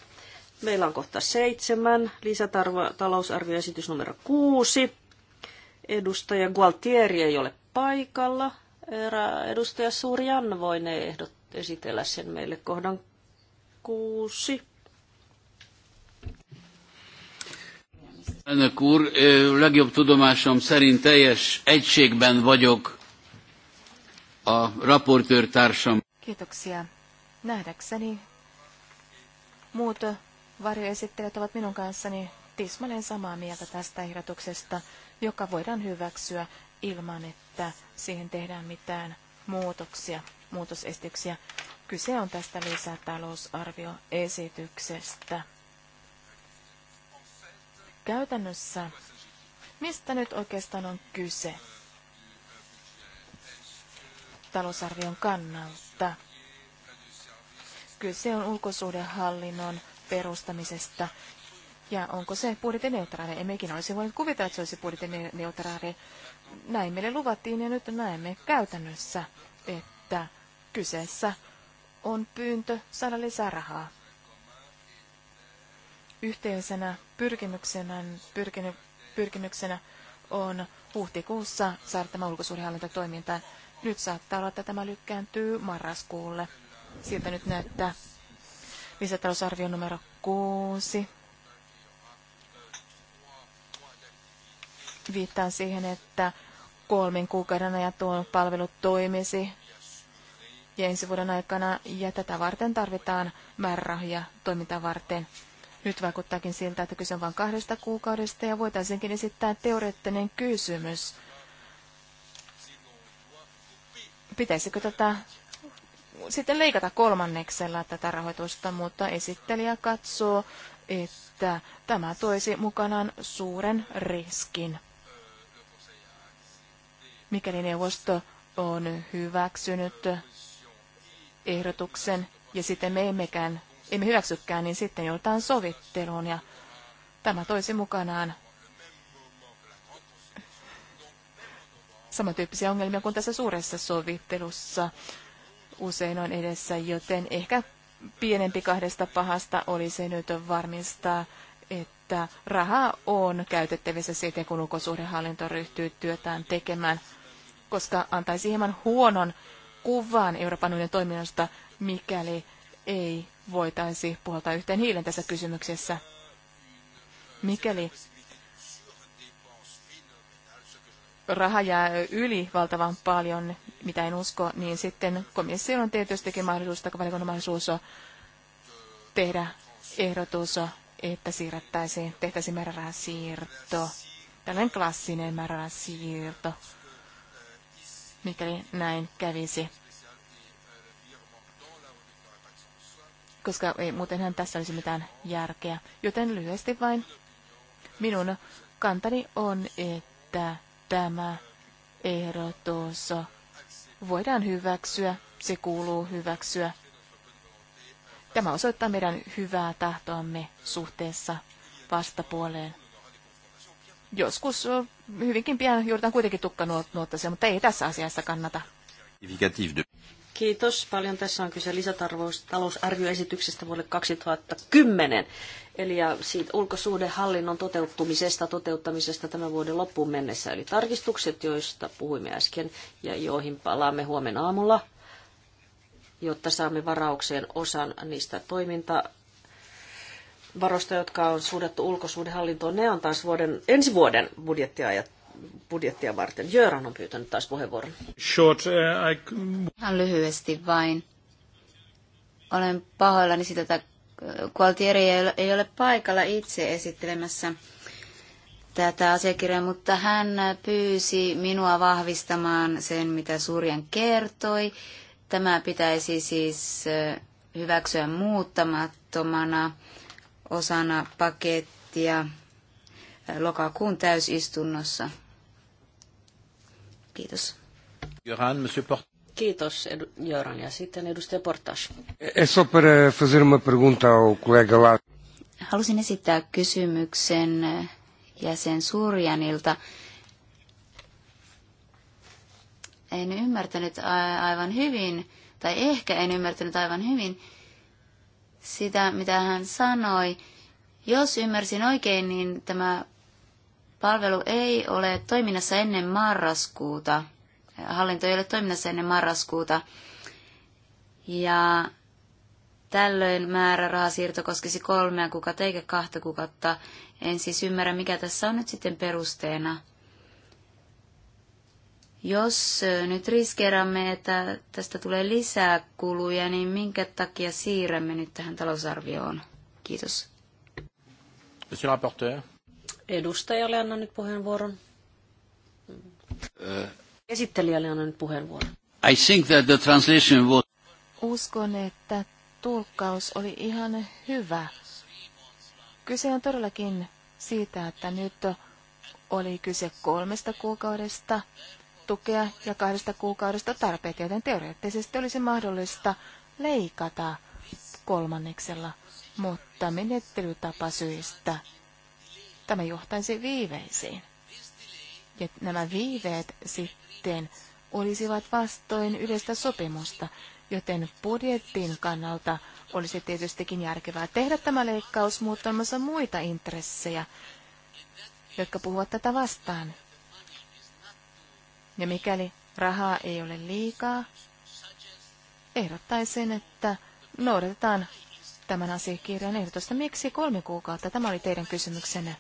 Meillä on kohta seitsemän, lisätalousarvioesitys numero kuusi. Edustaja Gualtieri ei ole paikalla. Edustaja Suurjan ne ehdot, esitellä sen meille kohdan kuusi. Elnök úr, legjobb tudomásom szerint teljes egységben vagyok a raportőrtársam. Kiitoksia. Nähdäkseni muut varjoesittelijät ovat minun kanssani tismalleen samaa mieltä tästä ehdotuksesta, joka voidaan hyväksyä ilman, että siihen tehdään mitään muutoksia, muutosestyksiä. Kyse on tästä lisätalousarvioesityksestä. Käytännössä, mistä nyt oikeastaan on kyse talousarvion kannalta? Kyse on ulkosuhdehallinnon perustamisesta. Ja onko se budjettineutraali? Emmekin olisi voinut kuvitella, että se olisi budjettineutraali. Näin meille luvattiin ja nyt näemme käytännössä, että kyseessä on pyyntö saada lisää rahaa. Yhteisenä pyrkimyksenä, pyrkiny, pyrkimyksenä on huhtikuussa saada tämä toimintaan. Nyt saattaa olla, että tämä lykkääntyy marraskuulle. Siltä nyt näyttää lisätalousarvio numero kuusi. Viittaan siihen, että kolmen kuukauden ajan tuo palvelu toimisi ja ensi vuoden aikana, ja tätä varten tarvitaan määrärahoja toimintaa varten. Nyt vaikuttaakin siltä, että kyse on vain kahdesta kuukaudesta, ja voitaisiinkin esittää teoreettinen kysymys. Pitäisikö tätä sitten leikata kolmanneksella tätä rahoitusta, mutta esittelijä katsoo, että tämä toisi mukanaan suuren riskin. Mikäli neuvosto on hyväksynyt ehdotuksen ja sitten me emmekään, emme hyväksykään, niin sitten joudutaan sovitteluun ja tämä toisi mukanaan samantyyppisiä ongelmia kuin tässä suuressa sovittelussa usein on edessä, joten ehkä pienempi kahdesta pahasta olisi nyt varmistaa, että raha on käytettävissä siitä, kun ulkosuhdehallinto ryhtyy työtään tekemään, koska antaisi hieman huonon kuvan Euroopan unionin toiminnasta, mikäli ei voitaisi puhaltaa yhteen hiilen tässä kysymyksessä. Mikäli raha jää yli valtavan paljon, mitä en usko, niin sitten komissio on tietystikin mahdollisuus, tai valiokunnan mahdollisuus tehdä ehdotus, että siirrettäisiin, tehtäisiin siirto, tällainen klassinen siirto, mikäli näin kävisi. koska ei muutenhan tässä olisi mitään järkeä. Joten lyhyesti vain minun kantani on, että tämä ehdotus voidaan hyväksyä, se kuuluu hyväksyä. Tämä osoittaa meidän hyvää tahtoamme suhteessa vastapuoleen. Joskus hyvinkin pian joudutaan kuitenkin tukkanuottaisia, mutta ei tässä asiassa kannata. Kiitos paljon. Tässä on kyse lisätalousarvioesityksestä vuodelle 2010, eli ja siitä ulkosuhdehallinnon toteuttumisesta, toteuttamisesta tämän vuoden loppuun mennessä. Eli tarkistukset, joista puhuimme äsken ja joihin palaamme huomenna aamulla, jotta saamme varaukseen osan niistä toiminta varoista, jotka on suudettu ulkosuhdehallintoon, ne on taas vuoden, ensi vuoden budjettiajat budjettia varten. Jöran on pyytänyt taas puheenvuoron. Short, uh, I... Ihan lyhyesti vain. Olen pahoillani sitä, että Gualtieri ei ole paikalla itse esittelemässä tätä asiakirjaa, mutta hän pyysi minua vahvistamaan sen, mitä Surjan kertoi. Tämä pitäisi siis hyväksyä muuttamattomana osana pakettia lokakuun täysistunnossa. Kiitos. Johan, monsieur Port- Kiitos, edu- Joran. Ja sitten edustaja Portas. Eso para fazer uma pergunta ao colega lá. Halusin esittää kysymyksen eh, jäsen Surjanilta. En ymmärtänyt aivan hyvin, tai ehkä en ymmärtänyt aivan hyvin sitä, mitä hän sanoi. Jos ymmärsin oikein, niin tämä Palvelu ei ole toiminnassa ennen marraskuuta. Hallinto ei ole toiminnassa ennen marraskuuta. Ja tällöin määrärahasiirto koskisi kolmea kuukautta eikä kahta kuukautta. En siis ymmärrä, mikä tässä on nyt sitten perusteena. Jos nyt riskeeramme, että tästä tulee lisää kuluja, niin minkä takia siirrämme nyt tähän talousarvioon? Kiitos. Monsieur le rapporteur. Edustajalle annan nyt puheenvuoron. Esittelijälle annan nyt puheenvuoron. I think that the translation was... Uskon, että tulkkaus oli ihan hyvä. Kyse on todellakin siitä, että nyt oli kyse kolmesta kuukaudesta tukea ja kahdesta kuukaudesta tarpeet, joten teoreettisesti olisi mahdollista leikata kolmanneksella, mutta menettelytapasyistä Tämä johtaisi viiveisiin. Ja nämä viiveet sitten olisivat vastoin yleistä sopimusta, joten budjettin kannalta olisi tietystikin järkevää tehdä tämä leikkaus, muuttamassa muita intressejä, jotka puhuvat tätä vastaan. Ja mikäli rahaa ei ole liikaa, ehdottaisin, että noudatetaan tämän asiakirjan ehdotusta. Miksi kolme kuukautta? Tämä oli teidän kysymyksenne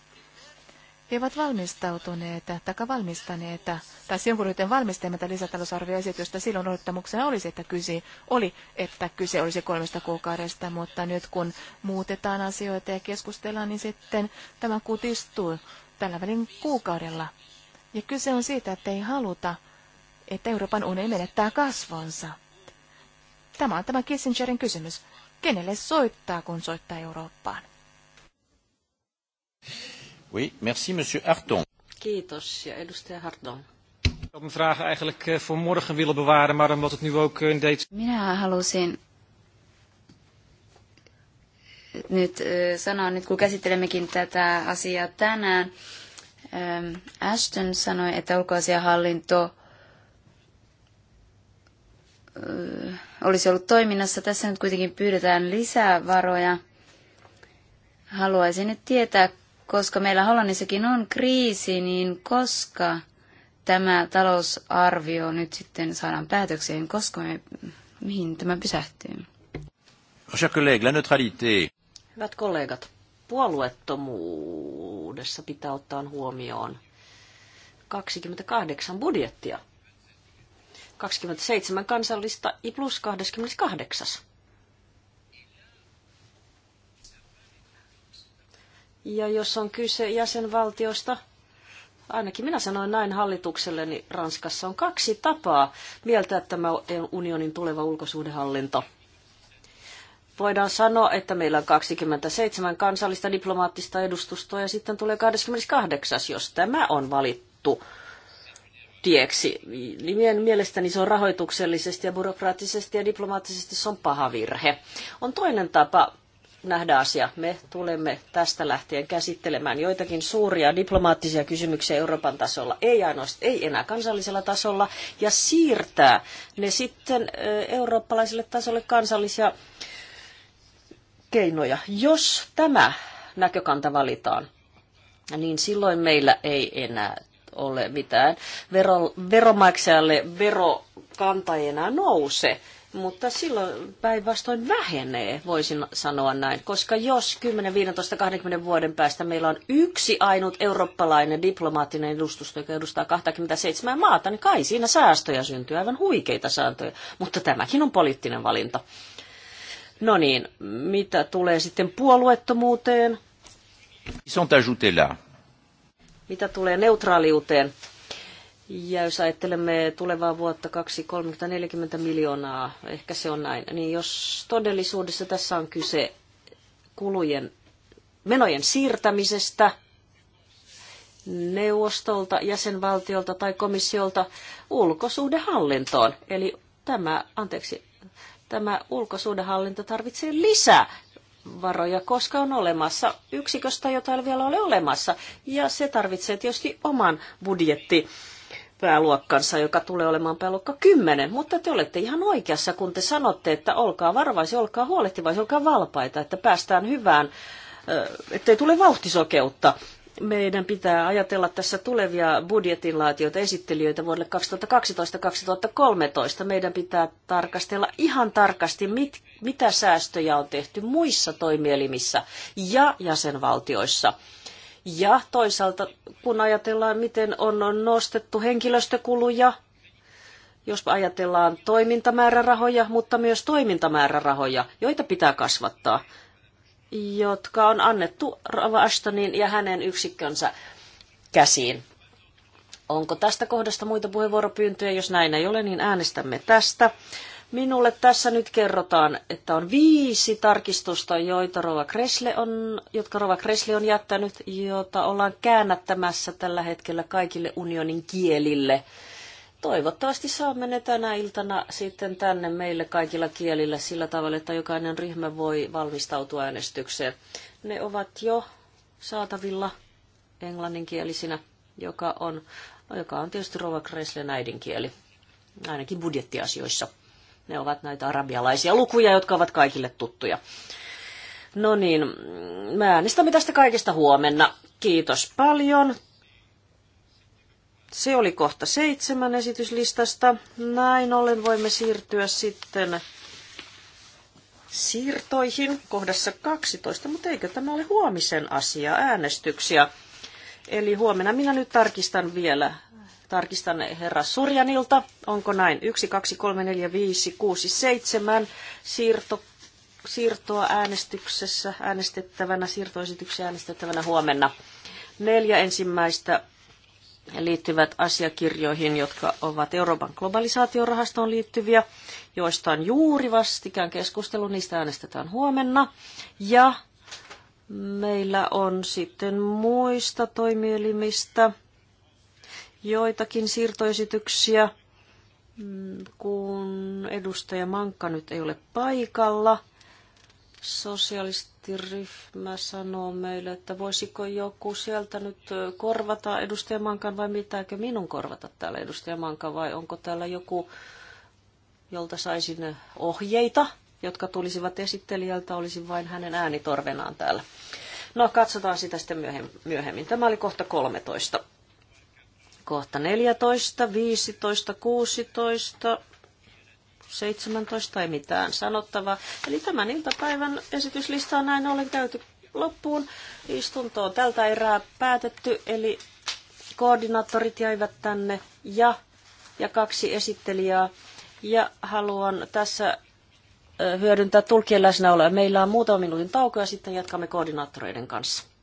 he ovat valmistautuneet tai valmistaneet, tai jonkun kun ryhtyen valmistelemaan lisätalousarvioesitystä, silloin odottamuksena olisi, että kyse oli, että kyse olisi kolmesta kuukaudesta, mutta nyt kun muutetaan asioita ja keskustellaan, niin sitten tämä kutistuu tällä välin kuukaudella. Ja kyse on siitä, että ei haluta, että Euroopan unioni menettää kasvonsa. Tämä on tämä Kissingerin kysymys. Kenelle soittaa, kun soittaa Eurooppaan? merci, monsieur Harton. Kiitos. Ja edustaja Harton. Minä halusin nyt eh, sanoa, nyt kun käsittelemmekin tätä asiaa tänään, ehm, Ashton sanoi, että ulkoasiahallinto eh, olisi ollut toiminnassa. Tässä nyt kuitenkin pyydetään lisää varoja. Haluaisin nyt tietää, koska meillä Hollannissakin on kriisi, niin koska tämä talousarvio nyt sitten saadaan päätökseen, niin koska me, mihin tämä pysähtyy? Hyvät kollegat, puolueettomuudessa pitää ottaa huomioon 28 budjettia. 27 kansallista i plus 28. Ja jos on kyse jäsenvaltiosta, ainakin minä sanoin näin hallitukselleni niin Ranskassa, on kaksi tapaa mieltää tämä unionin tuleva ulkosuhdehallinto. Voidaan sanoa, että meillä on 27 kansallista diplomaattista edustustoa ja sitten tulee 28, jos tämä on valittu tieksi. Mielestäni se on rahoituksellisesti ja byrokraattisesti ja diplomaattisesti se on paha virhe. On toinen tapa nähdä asia. Me tulemme tästä lähtien käsittelemään joitakin suuria diplomaattisia kysymyksiä Euroopan tasolla, ei ainoastaan, ei enää kansallisella tasolla, ja siirtää ne sitten eurooppalaiselle tasolle kansallisia keinoja. Jos tämä näkökanta valitaan, niin silloin meillä ei enää ole mitään vero, veromaksajalle verokanta ei enää nouse mutta silloin päinvastoin vähenee, voisin sanoa näin, koska jos 10, 15, 20 vuoden päästä meillä on yksi ainut eurooppalainen diplomaattinen edustus, joka edustaa 27 maata, niin kai siinä säästöjä syntyy, aivan huikeita sääntöjä, mutta tämäkin on poliittinen valinta. No niin, mitä tulee sitten puolueettomuuteen? Mitä tulee neutraaliuteen? Ja jos ajattelemme tulevaa vuotta 230-40 miljoonaa, ehkä se on näin, niin jos todellisuudessa tässä on kyse kulujen, menojen siirtämisestä neuvostolta, jäsenvaltiolta tai komissiolta ulkosuhdehallintoon. Eli tämä, anteeksi, tämä ulkosuhdehallinto tarvitsee lisää varoja, koska on olemassa yksiköstä, jota ei vielä ole olemassa. Ja se tarvitsee tietysti oman budjetti pääluokkansa, joka tulee olemaan pääluokka 10. Mutta te olette ihan oikeassa, kun te sanotte, että olkaa varvaisi, olkaa huolehtivaisi, olkaa valpaita, että päästään hyvään, ettei tule vauhtisokeutta. Meidän pitää ajatella tässä tulevia budjetinlaatioita, esittelijöitä vuodelle 2012-2013. Meidän pitää tarkastella ihan tarkasti, mit, mitä säästöjä on tehty muissa toimielimissä ja jäsenvaltioissa – ja toisaalta, kun ajatellaan, miten on nostettu henkilöstökuluja, jos ajatellaan toimintamäärärahoja, mutta myös toimintamäärärahoja, joita pitää kasvattaa, jotka on annettu Rava Ashtonin ja hänen yksikkönsä käsiin. Onko tästä kohdasta muita puheenvuoropyyntöjä? Jos näin ei ole, niin äänestämme tästä. Minulle tässä nyt kerrotaan, että on viisi tarkistusta, joita Rova Kresle on, jotka Rova Kresle on jättänyt, jota ollaan käännättämässä tällä hetkellä kaikille unionin kielille. Toivottavasti saamme ne tänä iltana sitten tänne meille kaikilla kielillä sillä tavalla, että jokainen ryhmä voi valmistautua äänestykseen. Ne ovat jo saatavilla englanninkielisinä, joka on, no, joka on tietysti Rova Kreslen äidinkieli, ainakin budjettiasioissa. Ne ovat näitä arabialaisia lukuja, jotka ovat kaikille tuttuja. No niin, mä äänestämme tästä kaikesta huomenna. Kiitos paljon. Se oli kohta seitsemän esityslistasta. Näin ollen voimme siirtyä sitten siirtoihin kohdassa 12, mutta eikö tämä ole huomisen asia, äänestyksiä? Eli huomenna minä nyt tarkistan vielä Tarkistan herra Surjanilta. Onko näin? 1, 2, 3, 4, 5, 6, 7 siirto, siirtoa äänestyksessä äänestettävänä, siirtoesityksessä äänestettävänä huomenna. Neljä ensimmäistä liittyvät asiakirjoihin, jotka ovat Euroopan globalisaatiorahastoon liittyviä, joista on juuri vastikään keskustelu, niistä äänestetään huomenna. Ja meillä on sitten muista toimielimistä joitakin siirtoesityksiä, kun edustaja Mankka nyt ei ole paikalla. Sosialistiryhmä sanoo meille, että voisiko joku sieltä nyt korvata edustaja Mankan vai mitäkö minun korvata täällä edustaja Mankan vai onko täällä joku, jolta saisin ohjeita, jotka tulisivat esittelijältä, olisi vain hänen äänitorvenaan täällä. No, katsotaan sitä sitten myöhemmin. Tämä oli kohta 13. Kohta 14, 15, 16, 17 ei mitään sanottavaa. Eli tämän iltapäivän esityslista on näin ollen käyty loppuun. Istunto on tältä erää päätetty, eli koordinaattorit jäivät tänne ja, ja kaksi esittelijää. Ja haluan tässä hyödyntää tulkien läsnäoloa. Meillä on muutama minuutin tauko ja sitten jatkamme koordinaattoreiden kanssa.